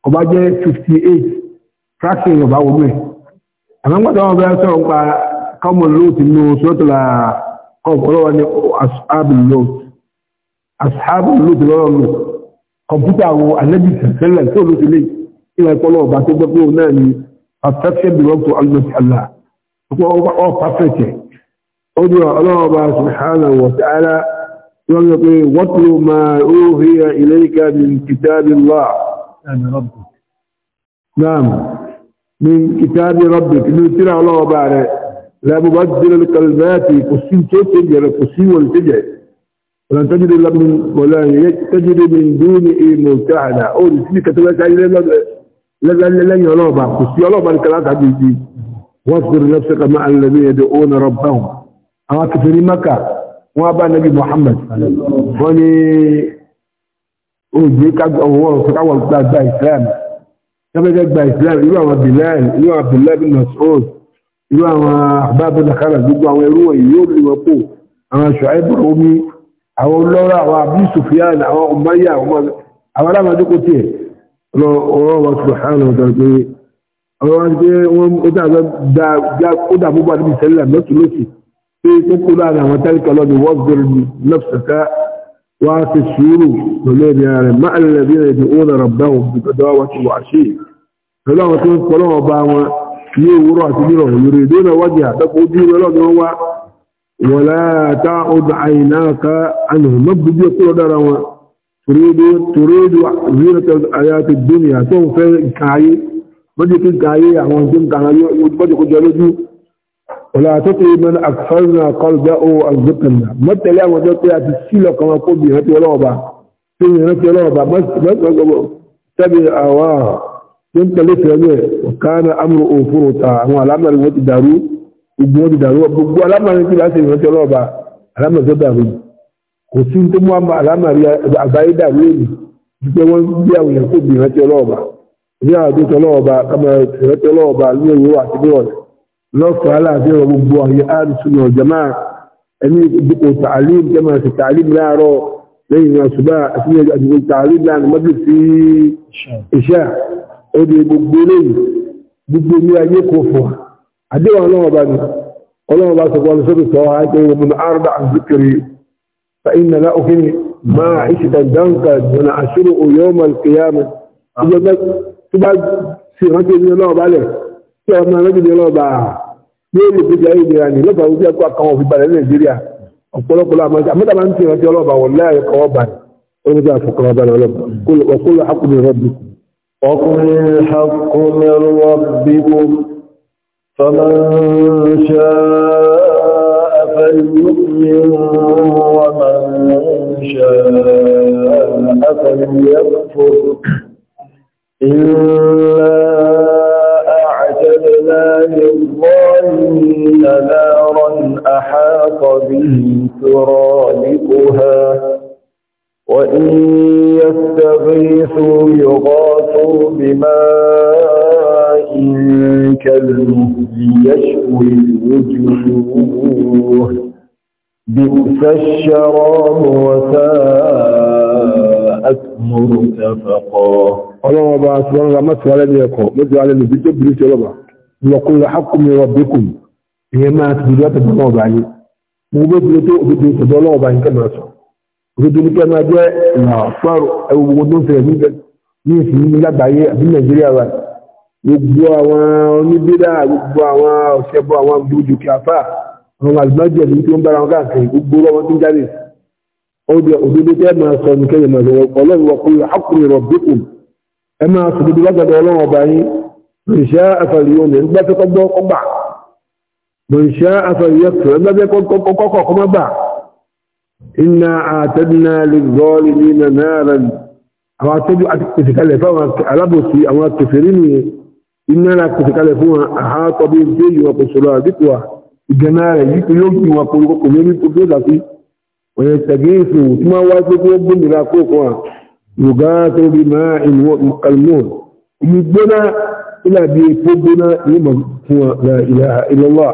ọba jẹ́ 58 fraction ọba wọ́n mẹ́ àmọ́ gbọ́dọ̀ wọn bẹ́ẹ̀ sọ̀rọ̀ pa káwọn lóòtù ní sọ́tọ̀lá kọ́f ọlọ́wọ́ ní asáàbù lóòtù lọ́rọ̀ mi kọ̀mpútà wo anẹ́bí sẹ̀lẹ̀ tó ló ti lé ìwà ìpọ́lọ̀ ọba tó gbọ́ pé òun náà ni perfection belong to almost Allah ọ̀pọ̀ perfect ادعو الله سبحانه وتعالى يقول واتل ما أوهي اليك من كتاب الله يعني ربك نعم من كتاب ربك من ترى الله بعد لا مبدل القلبات قصي تسجع قسم والتجع ولن تجد الا من ولا تجد من دونه ملتحدا او في كتابات لا لا لا لا لا لا لا الكلام لا واصبر نفسك مع الذين يدعون ربهم àwọn kèfèrí maka wọ́n bá nabi muhammad wọ́n ní òjì káwọ̀ káwọ̀ gba islam tẹ́fẹ́fẹ́ gba islam irú àwọn bilal irú àwọn bilal bin masoud irú àwọn àbábọ̀ nàkàrà gbogbo àwọn ẹrú wọ̀nyí yóò lè wọ́pò àwọn Shu'aib omi àwọn lọ́rọ̀ àwọn Abu Sufyan àwọn umayya àwọn alámọ̀dékò tiẹ̀ ọ̀rọ̀ wa subhanahu wa ta'ala ọ̀rọ̀ wa ti pé wọ́n ó dà bó bá níbi sẹ́lẹ̀ lọ́tùlọ́tù تقول أنا وتلك الذي وفر نفسك وفي السيور نولين يعني مع الذين يدعون ربهم بتداوة وعشير فلا وتقول قلوا باوا يورا تديرهم يريدون وجهه تقول دين لهم ولا تعد عيناك عنه مبدو يقول دروا تريد تريد زينة الآيات الدنيا ثم فين كاي مجد كاي يعني كاي مجد كاي مجد ولا تطيع من أكفرنا قلبه عن ذكرنا ما تلاقي وجدت تسيلة كما قل بها تلوبة تلوبة تلوبة بس تبع أواه ينت لفهمه وكان أمره فرطا هو أمر الوقت دارو وبوان دارو وعلى أمر الوقت لا سيما تلوبة على أمر زدارو وسين تموام على أمر أبعي دارو يجب أن يكون بها تلوبة يا دي تلوبة كما تلوبة ليه وعتبه lọ́kọ̀ aláàfíà wọ gbogbo àyè àdùsùn ọ̀jọ̀má ẹni ìdíkò tààlìm jẹ́mọ̀ àti tààlìm láàárọ̀ lẹ́yìn náà ṣùgbọ́n àti àdìgbò tààlìm láàrín mọ́bí sí ìṣà ó di gbogbo lẹ́yìn gbogbo ní ayé kò fọ́ àdéhùn ọlọ́wọ́ bá ní ọlọ́wọ́ bá sọ fún ọlọ́sọ́dọ̀ sọ àìkẹ́ ìwọ̀n àrùdà àzíkiri فإن ما عشت دنكا ونعشره يوم القيامة تبقى سيرتي الله بالك lórí ìgbéga ìlera ní lọ́pàá wípé ẹ̀kọ́ àkàwọn òfin balẹ̀ nàìjíríà ọ̀pọ̀lọpọ̀ àmọ́tà ń tẹ̀ ọjọ́ ọlọ́ba wọ̀ láàyè kọ́wọ́ bá ní wọ́n àfọkànwá bá ní ọlọ́ba ọkùnrin hakùnrin rọ́bì. ọkùnrin hakùnrin rọ́bì kò fọmọ ṣe afẹ́lúmi wọn máa ń ṣe afẹ́lúmi ẹ̀fọ́ ìlú به سرادقها وإن يستغيثوا يغاثوا بماء كالمهد يشوي الوجوه بئس الشراب وساءت مرتفقا الله أبا أسلام ما سألني يقول ما سألني في الجبل يقول وقل حق من ربكم هي ما تبدأت بالله عليه gbogbo tí o tó o tó tọ̀dọ̀ ọlọ́wọ́ bá nǹkan máa sọ òdodo ní kẹ́mà jẹ́ ìwàfọ́rọ̀ ẹwọ gbogbo tó ń fẹ̀rẹ̀ níbẹ̀ ní ìsìn ní lágbàáyé àbí nàìjíríà wa gbogbo àwọn oníbídà gbogbo àwọn ọ̀ṣẹ́bọ àwọn gbòdòkè àfà àwọn àlùbájẹ́ ní tó ń bára wọn káàkiri gbogbo ọmọ tó ń jáde òdodo tẹ́ máa sọ ní máa منشاء فليكفر ما بيقول بقى إنا أعتدنا للظالمين نارا أعتدوا أتكتكالفوا ألبسي أو أتكفريني إنا لا أتكتكالفوا أحاط بهم جي وقصرا ذكوى الجمال يجي يجي وقل لكم يمين كفيدا في ويستغيثوا ثم واسكوا ربهم إلى كوكوا يغاثوا بماء مقلمون يجبنا إلى بيكوبنا يمكوا لا إله إلا الله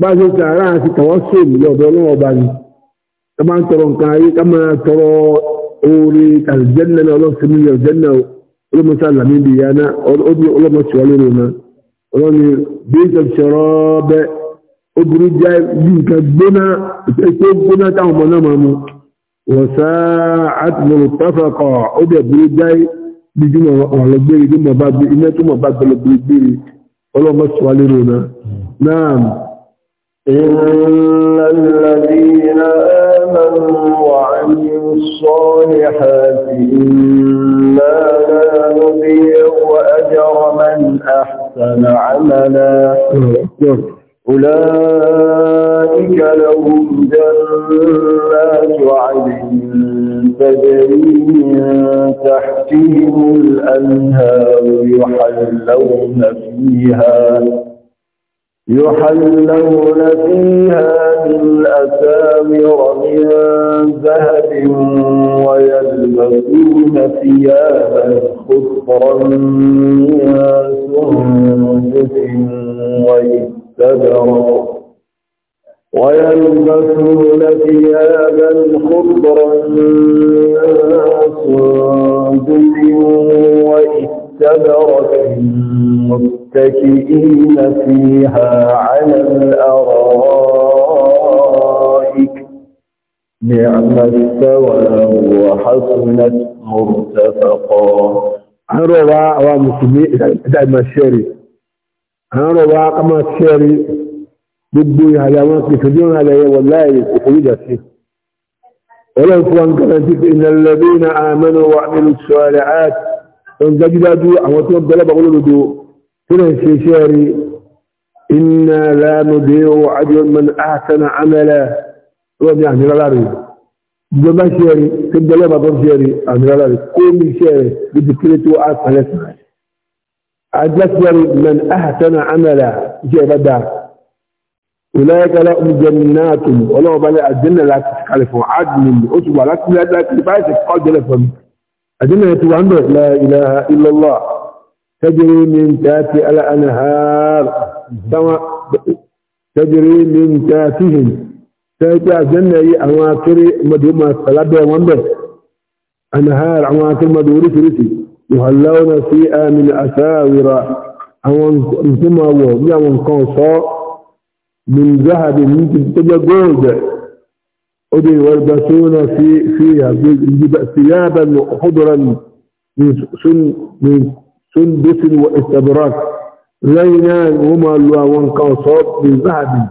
bá a ṣe ṣe ara àti tàwọn sèmi lọ́dọ̀ ọlọ́wọ́ bá ní ká máa ń tọrọ nǹkan ayé ká máa tọrọ oore àlùjẹ́nà náà ọlọ́sìn mi àlùjẹ́nà ọlọ́mọṣẹ́ àlàmì bì yá ná ọlọ́mọṣẹ́ wọlé rẹ̀ náà ọlọ́ni bí ìṣe ṣọ̀rọ̀ bẹ́ obìnrin jẹ́ bí nǹkan gbóná ìṣe gbóná táwọn ọmọ náà máa mu wọ̀sá àtìmọ̀lù pẹ́fẹ́kọ̀ ó dẹ̀ burú jẹ́ bí jùmọ̀ ọ̀lọ́gbẹ́rẹ́ iná tó mọ̀ bá gbẹlẹ́gbẹ́rẹ́ ọlọ́mọṣẹ́ wọlé rẹ̀ náà إن الذين آمنوا وعملوا الصالحات إنا لا نضيع أجر من أحسن عملا أولئك لهم جنات عدن تجري من تحتهم الأنهار يحلون فيها يحلون فيها من أسامر من ذهب ويلبسون ثيابا خطرا من سندس ويستبر ويلبسون ثيابا خطرا من سندس وإستبرك متكئين فيها على الأرائك نعم الثواب وحسنت مرتفقا أنا عوام السميع دائما الشيري روى عوام الشيري بدوي على ما تكدون عليه والله يتحيد فيه ولو كان كانت ان الذين امنوا وعملوا الصالحات ان جدادوا عوام الطلبه اقول له هنا في شعري إنا لا نضيع أجر من أحسن عملا رضي عن الغلاري جمع شعري كنت لا ضم شعري عن الغلاري كل شعري بذكرت أحسن لسنا أجسر من أحسن عملا شيء بدأ أولئك لهم جنات ولو بلا الجنة لا تتكلفهم عدل أسوة لا تتكلفهم الجنة يتوى عنده لا إله إلا الله تجري من تاتي الأنهار تجري من تاتهم تاتي الجنة أواكر مدهما صلابة ومبه أنهار أواكر مدهوري فرسي يهلون فيها من أساور أوانكما ومعوان قوصا من ذهب من تجاقود أدي والبسون في فيها ثيابا خضرا من سن من سندس واستبرق لينا هما لوان كوصوب بالذهب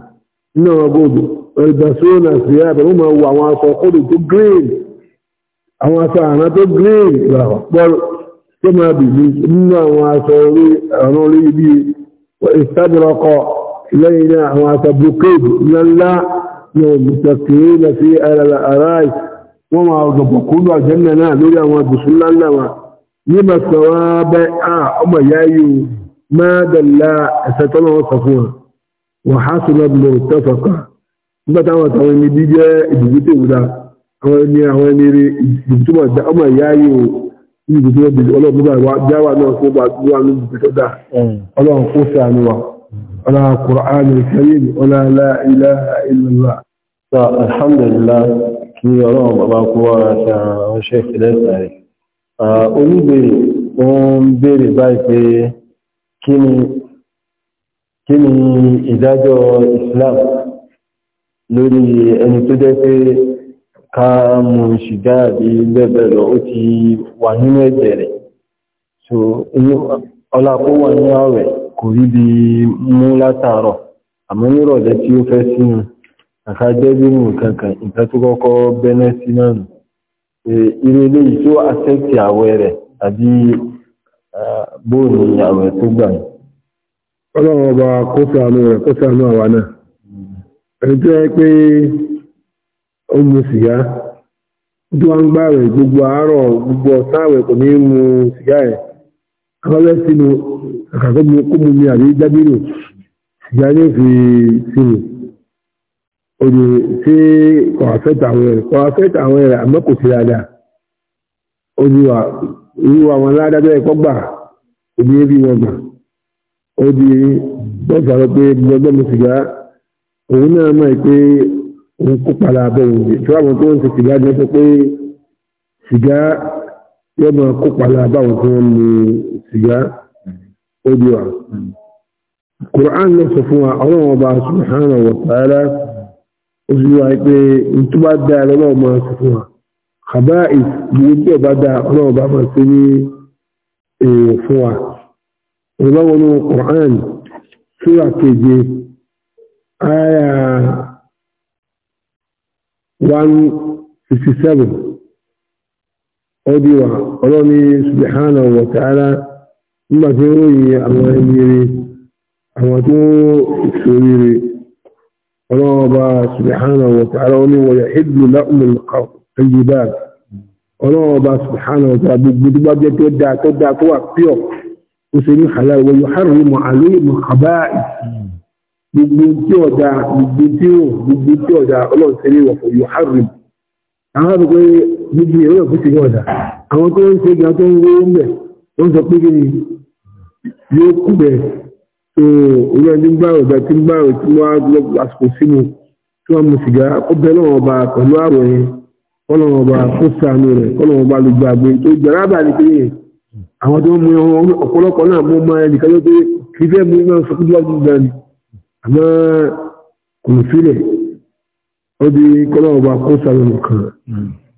إنما بود يلبسون ثياب هما وعوان صوقود تقرين àwọn aṣọ àrán tó green ìgbàwọ̀ tó máa bì ní nínú àwọn aṣọ àrán orí ibi ìsádìrọkọ lẹ́yìn náà àwọn aṣọ brocade lọ́lá ní òmìtàkì lọ sí ara àráì wọ́n máa ọ̀dọ̀bọ̀kúrò àjẹ́mẹ̀ náà lórí àwọn àbùsùn lálẹ́ wọn níma sọ̀rọ̀ bẹ́ à ọmọ ìyá yìí o máa dàlá ẹ̀sẹ̀ tọ́lọ́ wọn sọ fún wa wọ́n há sọ náà lọ tẹ́fọ̀kà nígbà táwọn àtàwọn ẹni bí jẹ́ ìdìbò tó wúdà àwọn ẹni àwọn ẹni rí ìdìbò tó ọmọ ìyá yìí o ìdìbò tó wọ́n ọlọ́run nígbà wá jáwà náà fún wa tó wà lóbi tó dà ọlọ́run kó sàánú wa ọlá kùránì karim ọlá la ilaha illallah. alhamdulillah kí ọlọ́run bàbá kó wá ra ṣe àwọn ṣe Ah, oníbèrè tó ń béèrè báyìí pé kí ni ìdájọ́ Islam lórí ẹni tó jẹ́ pé ká mú ṣìgá àbí bẹ́ẹ̀bẹ́ẹ̀ ó ti wà nínú ẹ̀jẹ̀ rẹ̀ so ọlápọ̀ wà ní ààrẹ kò rí bí mú látàárọ̀ àmọ́ nírọ̀lẹ́ tí ó fẹ́ sínú àkájẹ́ bí nǹkan kan ìtẹ́tù kọ́kọ́ bẹ́ẹ̀ sí irú eléyìí tó àṣẹ́kì àwẹ̀ rẹ̀ àbí bóòlù àwẹ̀ tó gbà ní. ọlọ́run ọba kó sàánú rẹ̀ kó sàánú àwa náà ẹni tó yẹ pé ó mu sìgá tó ń gbà rẹ̀ gbogbo àárọ̀ gbogbo ọ̀sán àwẹ̀ kò ní mu sìgá ẹ̀ akọ́lẹ́ sínú kó mu mi àbí sìgá ní oye tí kò àfẹ́tà àwọn ẹ̀rẹ̀ kò àfẹ́tà àwọn ẹ̀rẹ̀ àmọ́ kò sí dáadáa oníwà oníwà wọn ládájọ́ ẹ̀kọ́ gbà òbí ẹbí wọn gbà ó di wọ́n sọ pé gbọ́gbọ́n mi sìgá òun náà mọ̀ pé òun kó padà bọ̀ òun jẹ tí àwọn tó ń ṣe sìgá jẹ́ pé sìgá yóò máa kó padà báwọn tó ń mu sìgá ó di wa. sọ fún wa ọlọ́run ọba subhanahu wa ta'ala òṣìṣẹ́ wa pé n tó bá dáa lọ́wọ́ ọmọ fún wa àbá ìgbìyànjú tí ọba dáa ọlọ́wọ́ bá máa ṣe ní èèyàn fún wa ìrọ̀lọ́wọ́ ní Quran sura keje aya one ọdí wa ọlọ́ni subhanahu wa ta'ala nígbà tí ó ròyìn àwọn ẹni rẹ̀ àwọn tó ṣòrí rẹ̀ ọlọ́ọ̀bá subhanahu wa ta'ala oní wọ̀yà ìlú láàmùn ẹ̀yìnbá ọlọ́ọ̀bá subhanahu wa ta'ala gbogbo tó bá jẹ́ tó dáa tó dáa tó wà píọ̀ ó ṣe ní halal wọ́n yóò hàrù mọ̀ àlóyè mọ̀ àbá gbogbo tí òun ẹni gbàrò ọ̀dà tí ń gbàrò tí wọ́n á lọ àsìkò sínú tí wọ́n mu sìgá ó bẹ lọ́wọ́ ọba pẹ̀lú àrò yẹn kọ́lọ́wọ́ ọba kó sànù rẹ̀ kọ́lọ́wọ́ ọba ló gbàgbé tó jẹ̀rọ àbàlí pé àwọn tó ń mu ẹwọn ọ̀pọ̀lọpọ̀ náà mú ọmọ ẹnìkan yóò pé kì í fẹ́ mú iná sọ fún wájú gan ni àmọ́ kò ní sílẹ̀ ó di kọ́lọ́wọ́ ọba kó sànù nìkan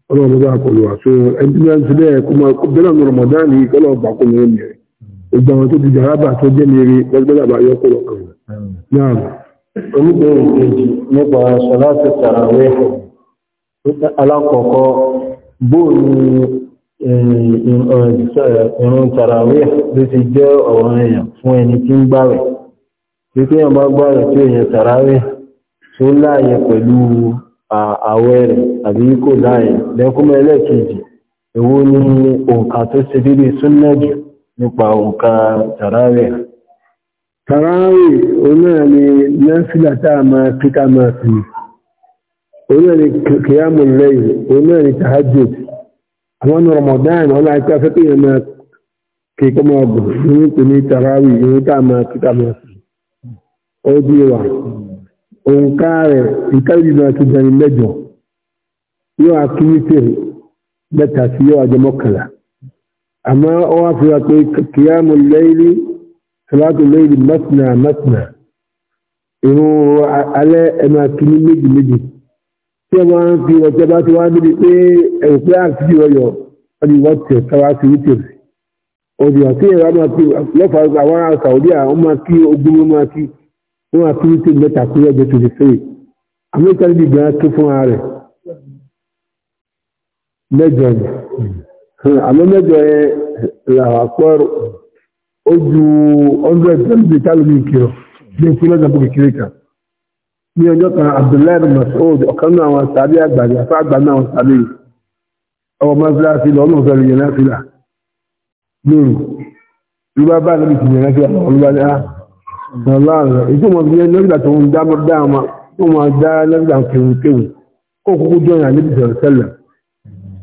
kọ́lọ́wọ́ ọba kọlù wà so ẹni tí wọ́n ti bẹ́ẹ̀ kó bẹ́ẹ̀ ìgbà wọn tó di jàrábà tó jẹ́ lére lọ́gbọ́dà bá yọ kúrò kan náà. oníbẹ̀rẹ̀ kejì nípa aṣọ láti tàràwé alákọ̀ọ́kọ́ bóò ni ìrun tàràwé ló ti jẹ́ ọ̀rọ̀ èèyàn fún ẹni tí ń gbààwẹ̀ tí kí èèyàn bá gbààwẹ̀ tí èèyàn tàràwé tó láàyè pẹ̀lú ààwẹ̀ rẹ̀ àbí kò láàyè lẹ́kúnmọ́ ẹlẹ́ẹ̀kejì èwo òǹkà tó ṣe déédéé súnmọ́ nípa òǹkà tàráwì. tàráwì onáà ni náfílà táà máa kíkà máa fi onáà ni kìyàmù lẹ́yìn onáà ni tahajjud àwọn Ramadan ọlá ikú afẹ́kẹ́ yẹn máa kíkọ́ máa bọ̀ nínú kò ní tàráwì ìwé táà máa kíkà máa fi ó di wà òǹkà mẹ́ta sí yóò àjẹmọ́kànlá àmọ́ ó wá fi wá pé kìyàmù lẹ́yìnlí sọláàtù lẹ́yìnlí mọ́tìnà mọ́tìnà ìrún alẹ́ ẹnu akíní méjì méjì tí ẹ máa ń fi ọ̀tẹ́ bá ti wá níbi pé ẹ̀rù pé àkíyè ọyọ wọ́n ti wọ́n tẹ̀ káwá sí wítìrì òdì àti ẹ̀rọ máa fi lọ́fà àwọn Saudi àwọn máa kí ogun ló máa kí wọ́n máa kí wítìrì mẹ́ta kúrò ẹgbẹ́ tó ti fẹ́ amẹ́ríkà níbi àmọ́ mẹ́jọ ẹ làwàpọ̀ ó ju 100 tẹ́lifí tálómi kìlọ ní ìpínlẹ̀ ìjọba kékeré kan ní ọjọ́ kan Abdullahi Masoud ọ̀kan náà àwọn sàbí àgbàdì afá àgbà náà àwọn sàbí ọwọ́ mọ́síláàsì lọ́nà ọ̀fẹ́rẹ̀ yẹn láfíà lóru lúbá bá lórí ti yẹn láfíà lọ́wọ́ ní àlọ́ ètò wọn fi yẹn lọ́gbà tó ń dá mọ́ dá wọn tó wọn dá lọ́gbà kéwù kéwù kó kúkú jọyàn níbi sọ̀rọ̀ sẹ́lẹ̀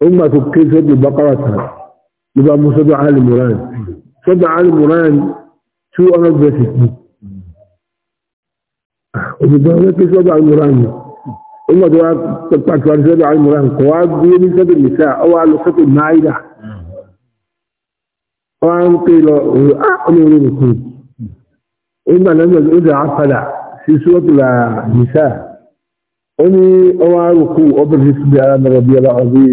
nígbà tó ké sọ́dọ̀ bákàrà tán ló bá mú sọ́dọ̀ Ali Imran sọ́dọ̀ Ali Imran two hundred verses ni òṣìṣẹ́ wọn ké sọ́dọ̀ Ali Imran ni nígbà tó wá pàtó àti sọ́dọ̀ Ali Imran kò wá gbé ní sọ́dọ̀ nìṣà ọ wá lọ sọ́dọ̀ náírà ọ wá ń pè lọ òun á ọmọ orin nìkan nígbà náà ó dà á padà sí sọ́dọ̀ nìṣà ó ní ọwọ́ àrùkù ọbẹ̀ ní sọ́dọ̀ alámọ̀rọ̀ bíi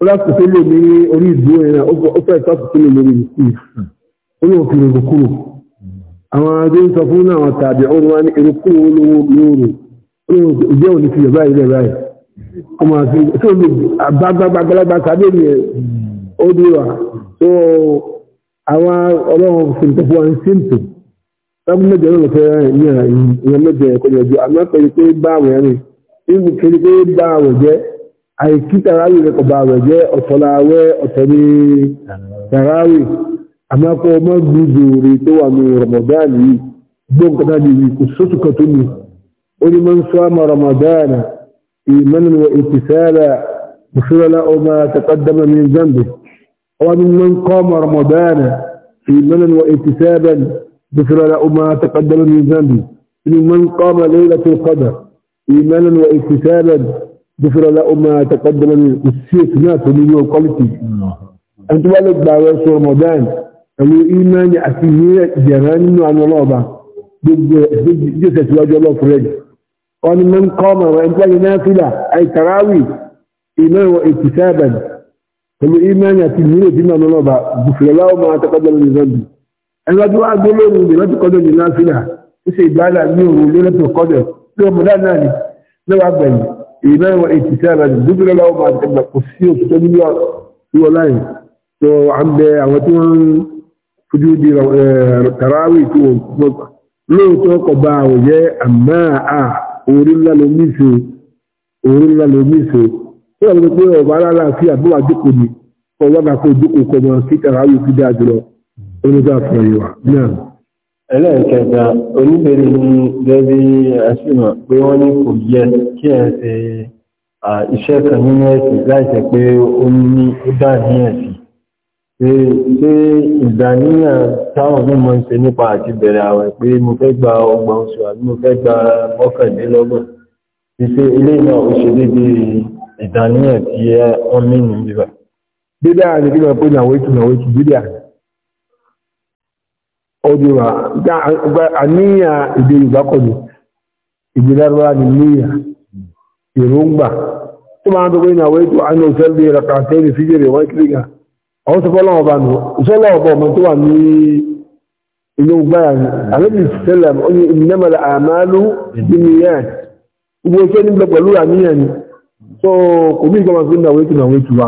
lásìkò lè ní orí na yẹn ó fẹ́ tásìkò lè lórí ìsìn ó lóun fi rògbò àwọn adé ń sọ fún náà àwọn tàbí ọrùn wa ní erékù olówó lóòrò ìjẹ́ òní fi yọ̀bá ilẹ̀ ọmọ àti tó lè gbàgbàgbàgbàgbà tàbí ó dé wa tó àwọn wa ń síntò náà àìkí tàràwì rẹ̀ kọba rẹ̀ jẹ́ ọ̀tọ̀láwẹ́ ọ̀tọ̀ní tàràwì àmọ́kọ́ ọmọ gbùgbùrì tó wà ní Ramadan yìí gbọ́nkọ́tà ní ìkù sótù kan tó ní ó ní mọ́n sọ àmà Ramadan ìmọ́nà wa ìtìsára mùsùlùmá ọmọ tàkàdàmà ní zambi ó ní mọ́n kọ́ àmà Ramadan ìmọ́nà wa ìtìsára mùsùlùmá ọmọ tàkàdàmà ní zambi ó ní mọ́n kọ́ àmà lẹ́yìn غفر له ما تقدم من السيف ناس من كواليتي انت بالك بقى في رمضان قالوا ايمان عسيه جيران انه عن الله بقى جسد وجه الله فرج قال من قام وان كان نافله اي تراوي ايمان واكتسابا قالوا ايمان عسيه جيران الله بقى غفر له ما تقدم من ذنبه انا دعاء دولهم بلا تقدم من نافله ايش يبالغ مين وليله القدر لو مدانا لو عبد إيمان وإتتابا ذكر له ما تقبل قصير تتبلي والله تو عم بعوتون فجودي تراوي تون لو توقع باوجة أما أوري الله لميسو أوري الله لميسو tó ẹ̀rọ pé ọba alára sí àbúrò àjókòó ni kọ wọ́n bá kó jókòó kọ mọ́ kí tàràwì fi dáa jùlọ onígbà fún ẹ̀yìn wa náà ẹlẹ́ẹ̀kẹta oníbẹ̀rẹ̀ ní gẹ́bí àṣìmọ̀ pé wọ́n ní kò yẹ kí ẹ ṣe iṣẹ́ kan nínú ẹ̀sìn láìsẹ̀ pé ó ní ó dá ní ẹ̀sìn pé ṣé ìdáníyàn táwọn mímọ̀ ń ṣe nípa àti bẹ̀rẹ̀ àwẹ̀ pé mo fẹ́ gba ọgbà oṣù àbí mo fẹ́ gba mọ́kànlélọ́gbọ̀n ọdún wa àníyàn èdè Yorùbá kọ́ ni èdè lárúbá ni níyà èròǹgbà tó máa ń tó gbéyìn àwọn ètò àánú sẹ́lẹ̀ rẹ̀kàtẹ́ ní fíjèrè wọ́n kílígà àwọn tó fọ́lọ́ ọba nù sọ́lọ́ ọba ọmọ tó wà ní ilé gbáyà ni tó ya ní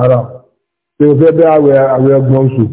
ara tó fẹ́ bẹ́ àwẹ̀ àwẹ̀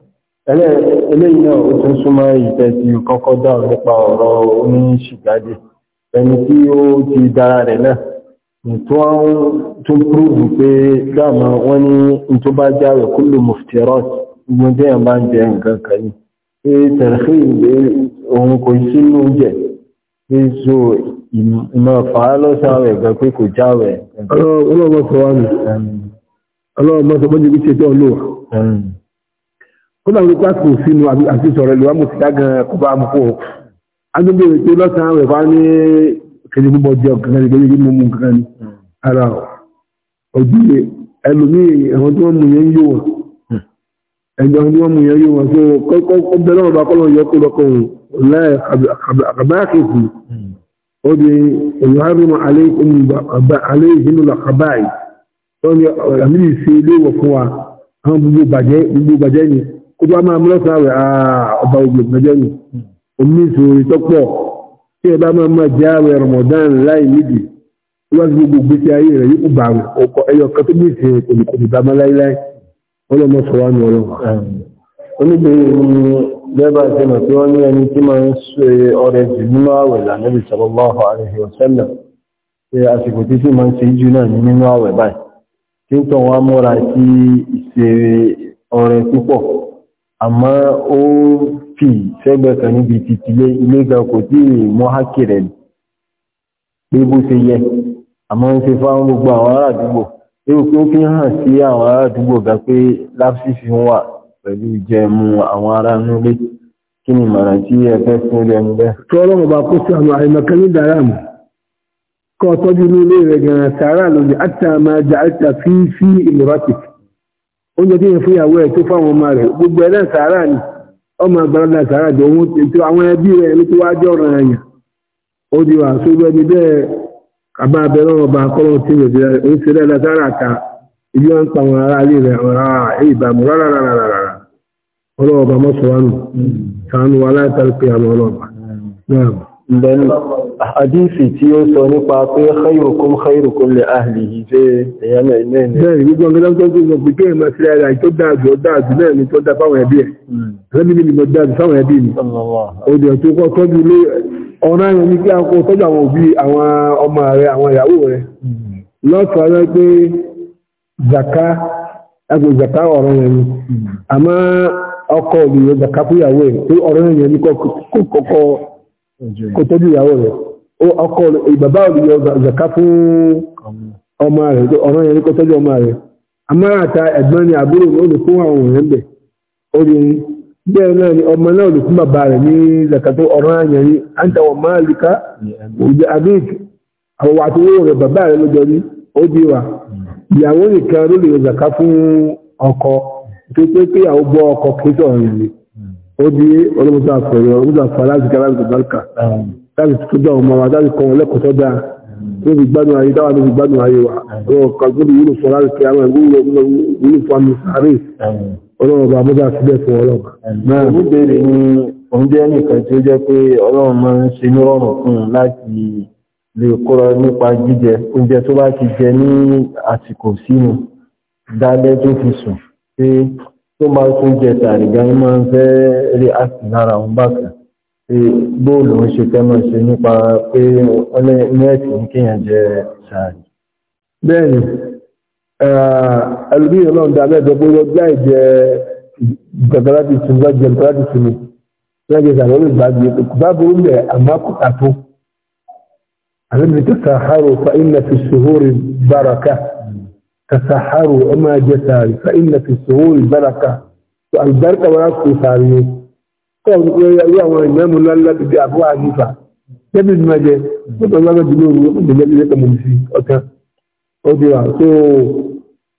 eléyìí náà ó tún súnmọ́ ìfẹ́ ti kọ́kọ́ dá nípa ọ̀rọ̀ oníṣìgáde ẹni tí ó ti dára rẹ̀ náà tó wọ́n tún púrúbù pé dáàmà wọ́n ní in tó bá jáwẹ̀ kúlù muftirot gbogbo déyàn bá ń jẹ nǹkan kan ní pé tẹ̀rẹ̀fẹ́ ìwé òun kò sínú jẹ pé so ìmọ̀ fàá lọ́sàwẹ̀ gan pé kò jáwẹ̀ ọlọ́ọ̀mọ́sọ̀ wà ní ọlọ́ọ̀mọ́sọ̀ kó lóun kó àpò sínú àti sọ̀rọ̀ ìlú amòsí dágan kó bá mú fún ọ. agbègbè rẹ̀ pé lọ́sàn-án rẹ̀ wá ní kejì gbogbo jẹ́ ọ̀kankan nígbà yìí mú mú kankan ní ara òbí ẹlòmíì ẹ̀wọ̀n tí wọ́n mú yẹn yóò wọ̀n ẹ̀jọ̀ tí wọ́n mú yẹn yóò wọ̀n tó kọ́kọ́ bẹ̀rẹ̀ ọ̀dọ̀ akọ́lọ̀ yẹ kó lọ́kọ̀ ọ̀lẹ́ àkàbáyàkèkù òbí ìyọ̀hárùn kó tó wá máa múlọ́sà rẹ̀ ah, ọba ògbè mẹ́jọ ni omi ìṣòro tó pọ̀ tí ẹ bá máa máa jẹ́ àwẹ̀ Ramadan láì nídìí ó wá sí gbogbo gbèsè ayé rẹ̀ yóò bá rẹ̀ ọkọ̀ ẹyọ kan tó gbèsè kòlìkòlì bá máa láíláí ọlọ́mọ sọ ní ọlọ́run. tí máa ń alaihi wasallam ṣe àsìkò títí máa ń ṣe jù náà nínú wá múra sí ìṣe ọrẹ púpọ̀ àmọ́ ó fi sẹ́gbẹ̀ kan níbi títílé ilé gan kò tí mọ́ hákì rẹ̀ pé bó ṣe yẹ àmọ́ ń ṣe fáwọn gbogbo àwọn ará àdúgbò lérò pé ó fi hàn sí àwọn ará àdúgbò gan pé lápsí fi wà pẹ̀lú ìjẹmu àwọn ará nílé kí ni ìmọ̀ràn tí ẹ fẹ́ fún ilé ẹni bẹ́ẹ̀. tó ọlọ́run bá kó sí àwọn àìmọ̀kan ní dàrá kọ́ tọ́jú ní ilé rẹ̀ gan-an sàárà lòdì àtàmà jà àtà fífí ìmọ̀ràn tìkì oúnjẹ tí yẹn fún ìyàwó tó fáwọn ọmọ rẹ̀ gbogbo ẹ̀ náà sàárà ni ọmọ àgbàlagbà sàárà jọ ohun ètò àwọn ẹbí rẹ ló ti wáá jọ̀rọ̀ ẹ̀yàn ó di wà sógbó ẹni bẹ́ẹ̀ ọba akọ́rọ̀ tí ń ṣe ta wọn ń pa àwọn ará ilé rárá rárá rárá àwọn bẹ̀rù àdífì tí ó sọ nípa pé khairukum khairukum li ahlihi jẹ́ ìyàmẹ̀ ilẹ̀ ilẹ̀. bẹ́ẹ̀ gbogbo ọ̀gá lọ́gbọ́n tó sọ pé kéèyàn máa fi ara tó dáàbò ó dáàbò náà ni tó dá fáwọn ẹbí ẹ̀ lẹ́mí hmm. ni mo dáàbò fáwọn ẹbí mi. òdì ọ̀tún kọ́ tọ́jú ilé ọ̀rọ̀ ẹ̀yàn ni kí a kó tọ́jú àwọn òbí àwọn ọmọ rẹ̀ àwọn ìyàwó rẹ̀ hmm. lọ́sọ̀ọ́ rẹ̀ kò tọ́jú ìyàwó rẹ̀ ọkọ ìbàbá òdìyọ zaka fún ọmọ rẹ̀ ọ̀ràn yẹn ní kò tọ́jú ọmọ rẹ̀ amáhàta ẹ̀gbọ́n ni àbúrò ó lè fún àwọn òyìn bẹ̀ orí bẹ́ẹ̀ náà ni ọmọ náà lè fún bàbá rẹ̀ ní zaka tó ọ̀ràn yẹn ní àǹtàwọ̀ máa lùkà òjò abid àwọn àti owó rẹ̀ bàbá rẹ̀ lójọ ní ó di wa ìyàwó nìkan ló lè zaka fún ọkọ tó pé pé àwọn bọ́ ọkọ kí yẹn Odi, di olóòmùsà pẹ̀lú olóòmùsà fàlásìkà láti bàlùkà láti tọ́jú àwọn ọmọ wa láti kọ́ wọn lẹ́kọ̀ọ́ tó dáa tó fi gbádùn ayé dáwà tó fi gbádùn ayé wa ọ̀rọ̀ kàgbọ́dù wúlò fún láti kí àwọn ìwúlò wúlò fún àmì sàárè ọlọ́run ọba mọ́tà síbẹ̀ fún ọlọ́run. òun béèrè ni òun jẹ́ nìkan tí ó jẹ́ pé ọlọ́run máa ń ṣe ní rọrùn fún un láti lè kóra nípa jíjẹ oúnjẹ tó bá ti jẹ ní àsìkò sínú dálẹ́ tó fi sùn pé tó bá tún jẹ tàrígá ní máa ń fẹ́ rí àti lára òun bákan pé bóòlù ń ṣe tẹ́mọ̀ ṣe nípa pé wọ́n lé ní ẹ̀sìn ní kíyàn jẹ sàárì bẹ́ẹ̀ ni ẹlòmíì náà dá mẹ́jọ pé wọ́n gbá ìjẹ gbàgbára sinmi wọ́n jẹ gbàgbára sinmi wọ́n jẹ sàárì wọ́n kò bá burú bẹ̀ àmọ́ kò kà tó àlejò tó sàárò fa ìnà fi ṣòhóre bára ká tasaharu ọmọ ẹjẹ tààrí fa inna fi sòwò ìbáraka tó àlùbáríkà wọn kò tààrí ni kọ́ ọ̀hún pé ẹ̀rọ àwọn ìmọ̀ọ́mù lọ́lá bíbí àbú àyífà jẹ́bi ìdúmọ̀ jẹ ó tọ́ lọ́wọ́ jùlọ òru ó tẹ̀lé ilé kan mọ̀ sí ọ̀tán ó ti wà tó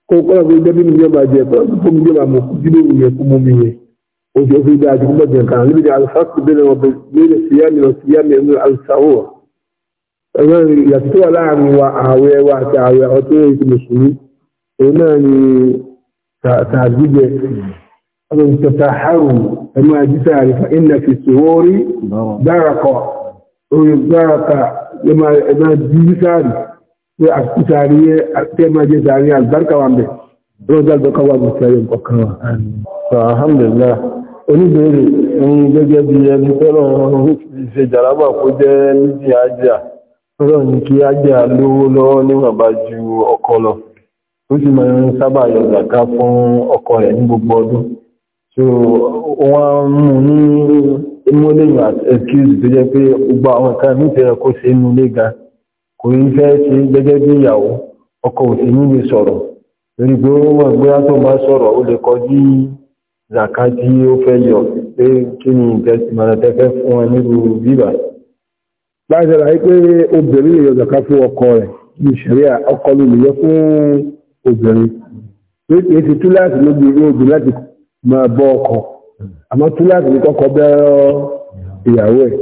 kó kọ́lá pé jẹ́bi mi yọba jẹ kọ́lá pé fún mi yọba mọ̀ kú jílé òru yẹ kú mọ́ mi yẹ ó ti ó fi dáa ju kúbọ̀ jẹun kan níbi alifásitì bẹ́ẹ̀ wọ́n bẹ́ẹ̀ síyámi lọ síyámi ẹ̀mí alisawo ẹ̀rọ ìyàtọ̀ wà láàrin wa ààwẹ̀ wa àti ààwẹ̀ ọtí òun náà ni tààgbígbẹ ọdún tẹta harun ẹmọ àjíta àrífà iná fi sòwórí dárakọ orí dáraka ẹmọ jíjí sáàrí pé àtúntàrí àtẹ́mọ̀jẹ́ sàárí àgbárkà na mẹ́ rọ́dá gbọ́ká wà mùsàárí ọkàn wà. alhamdulillah na ń gẹ́gẹ́ bí ẹni tọ́lọ̀ ìṣe jàlábà kó jẹ́ níbi ó sì máa ń sábà yọ fún ọkọ rẹ̀ ní gbogbo ọdún so wọ́n mú ní emoleyìn excuse tó jẹ́ pé gbogbo àwọn nǹkan nífẹ̀ẹ́ kó ṣe inú ilé gan kò ní fẹ́ ṣe gẹ́gẹ́ bí ìyàwó ọkọ ò ní lè sọ̀rọ̀ lórí pé ó wà gbé tó máa sọ̀rọ̀ ó lè kọjú zaka tí ó fẹ́ yọ ni tẹ́fẹ́ fún ẹ nírú bíbà obìnrin lè fún ọkọ rẹ̀ ọkọ lè yọ fún obìnrin pé kìí ṣe túláàsì lóbi obìnrin láti máa ọkọ àmọ́ túláàsì ní kọ́kọ́ bẹ́rọ ìyàwó ẹ̀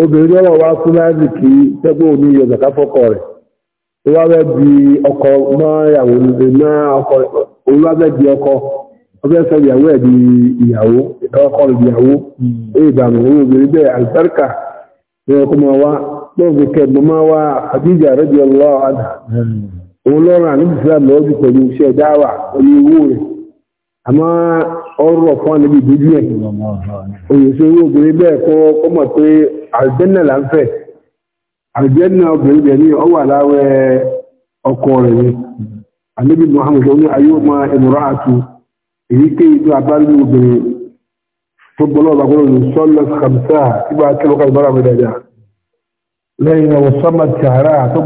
obìnrin lọ́wọ́ wá túláàsì kì í tẹ́gbọ́n òní yọ zàká rẹ̀ ó wá fẹ́ di ọkọ mọ́ ìyàwó ná ọkọ òun wá fẹ́ ọkọ ó sọ ìyàwó ẹ̀ di ìyàwó ọkọ rẹ̀ di ìyàwó òun obìnrin bẹ́ẹ̀ àlùbáríkà máa wá òun lọ́rùn àníbi islam lọ́wọ́ bí pẹ̀lú iṣẹ́ dáwà pẹ̀lú owó rẹ̀ àmọ́ ọrọ̀ fún àníbi ìdójú ẹ̀ òyìnbó owó obìnrin bẹ́ẹ̀ kọ́ ọ mọ̀ pé àlùjẹ́nà là ń fẹ́ àlùjẹ́nà obìnrin bẹ̀ ní ọwọ́ aláwẹ̀ ọkọ rẹ̀ ni àníbi muhammed oní ayọ́mọ ẹ̀mọ́ra àtú èyíkéyìí tó abájú obìnrin tó gbọ́lọ́ ọba gbọ́lọ́ ní sọ́lọ́ kàmsá tí bá kẹ́lọ́kà lẹ́yìn ọ̀sán mọ̀ tààrà tó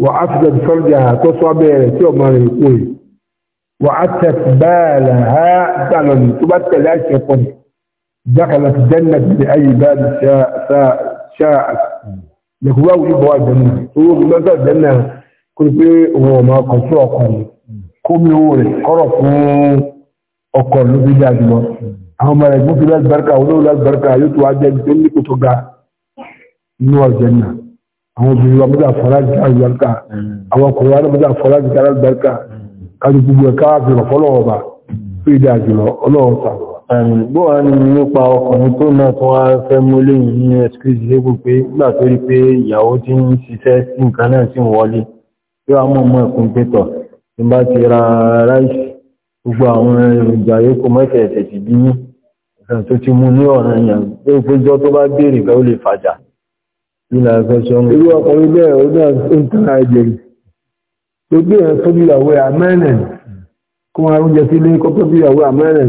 وعفدت فرجها تصابير تؤمر يقول وعتت بالها دعنا تبت لا شيطان دخلت الجنة بأي باب شاء شاء شاءت لكواو يبوا الجنة هو ماذا الجنة كل في هو ما قصوا قوم قوم يوري قرفوا أقول له بجاج ما هم رجعوا في البركة ولو البركة يتواجد جنة كتوجا نور الجنة àwọn obìnrin wa mọ́já fọ́lájì alùbáríkà hmm. àwọn ọkùnrin wa hmm. ní mọ́já fọ́lájì alùbáríkà kájú gbogbo ẹ̀ká àfihàn fọ́lọ́ọ̀bà tó hmm. ìdí àjùlọ ọlọ́ọ̀ta bó wà ní nípa ọkùnrin tó náà tó wá fẹ́ mú lẹ́yìn ní ẹ̀skírísì lébù pé gbà tó rí pé ìyàwó tí ń ṣiṣẹ́ sí nǹkan náà bá ti ra ráìsì gbogbo àwọn èròjà yòókù mọ́tẹ̀ẹ̀tẹ̀ ti bí ní ẹ̀sán tó ti mú ní ọ̀ràn yàn pé tó bá béèrè bẹ́ẹ̀ ó lè fàjà nínú àfẹ́sọ́ ń irú ọkùnrin bẹ́ẹ̀ ó ní àtúntà ẹ̀jẹ̀ tó gbé ẹ̀ tó bíyàwó ẹ̀ amẹ́rẹ̀ kó wọn oúnjẹ sí ilé kó tó bíyàwó amẹ́rẹ̀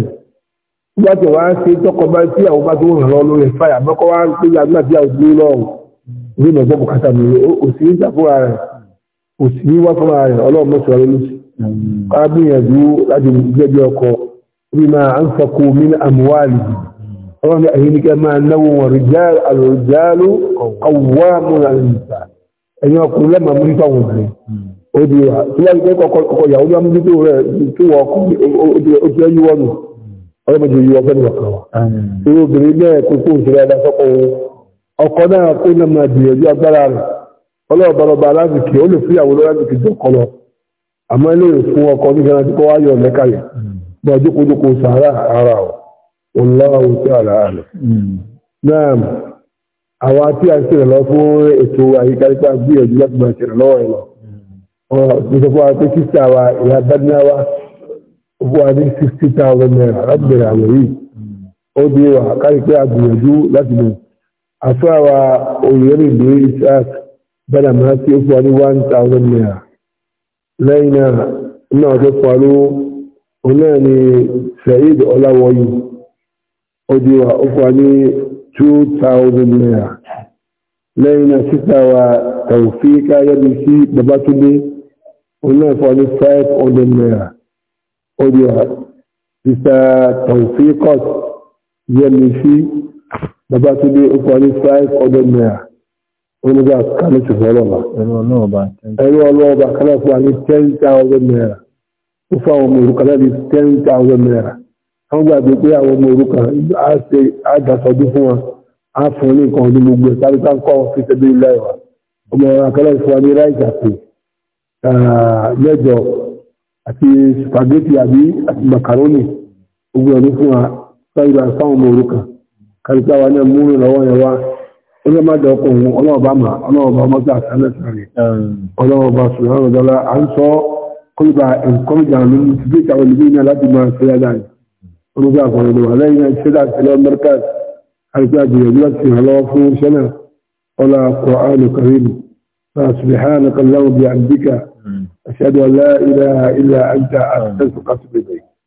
nígbà tó wá sí tọkọ bá tí àwọn bá tó ràn lọ lórí fáyà mọ́kọ́ wá pé àdúrà tí àwọn gbé lọ́wọ́ ní ìmọ̀ gbọ́ bùkátà mi ò sí ìjà fúnra rẹ̀ ò sí wá fúnra rẹ̀ ọlọ́run mọ́tò rẹ̀ lọ́sí kábíyànjú láti jẹ́bi ọkọ̀ bí máa ń sọkò mí àmúwáàlì yìí ọlọ́run ẹ̀yin ní kẹ́ máa náwó wọn rìjáàlù àlòrìjáàlù ọ̀wọ́mù àlùmíta ẹ̀yin ọkùnrin lẹ́màá mú nípa wọn rẹ̀ hmm. ó di wa tí wọ́n ti kọ́ ọkọ̀ ìyàwó yá mú nípa rẹ̀ tí wọ́n kọ́ ó ti yí wọ́n nù hmm. ọlọ́mọdé yí ọgbẹ́ni ọ̀kan wa. irú obìnrin náà kó kó òṣèré ẹ̀dá sọ́kọ̀ wọn ọkọ náà kó náà máa gbìyànjú agbára rẹ̀ ọlọ́ọ̀bọ̀lọ́ba Allahu ta'ala a'lam. Naam, àwọn àti àti ìrànlọ́ fún ètò àyíkárípá gbìyànjú láti máa ṣèrànlọ́wọ́ ìlọ. Mo sọ fún wa pé sísà wa ìyá Bádínáwá fún wa ní 60,000 naira láti bẹ̀rẹ̀ àwọn yìí. Ó di wà kárí pé a gbìyànjú láti lò. Àfúráwa olùyẹ́rìndé Isaac bẹ́ẹ̀ máa ti ó fún wa ní 1,000 naira. Lẹ́yìn náà, náà tó fọ́ òun náà ni Saheed Ọláwọ́yìí ó di two thousand kwa ní 2000 naira lẹ́yìn náà sísá wa Taofeek Ayọ̀dẹ́sí Babátúndé òun náà fọ́ ní 500 naira ó di wa sísá Taofeekot Yẹmísí Babátúndé ó kwa ní 500 naira onígbà kanú ti fọ́ lọ́la ẹ̀rọ ọlọ́ọ̀bà kanú fún wa ní 10,000 naira ó fáwọn ọmọ òrukàn náà ní 10,000 naira wọ́n gbàgbé pé àwọn ọmọ òrukàn àdàsọdún fún wọn á fún ní nǹkan ọdún gbogbo ìtàlùkà ń kọ́ fi ṣẹ́bí ilé ìwà ọmọ akẹ́lẹ́ fún ní ráìsì àti mẹ́jọ àti spaghetti àbí àti macaroni gbogbo ọdún fún wa sọ́yìnbá fáwọn ọmọ òrukàn kàríkà wa náà múrò lọ́wọ́ yẹn wá onímọ̀dé ọkùnrin ọlọ́ọ̀bá mà ọlọ́ọ̀bá mọ́tò àtàlẹ́sàrẹ̀ ọlọ́ọ̀bá sùnwọ́n ọ̀dọ́lá à ń sọ kọ́lùbà ẹ̀ńkọ́lùjà lórí ti gbé ورجعكم إليه علينا اجتدعت إلى المركز حيث أجي يجلسي على وفور سنة ولا قرآن كريم فسبحانك اللهم بعبدك أشهد أن لا إله إلا أنت أستغفرك إليك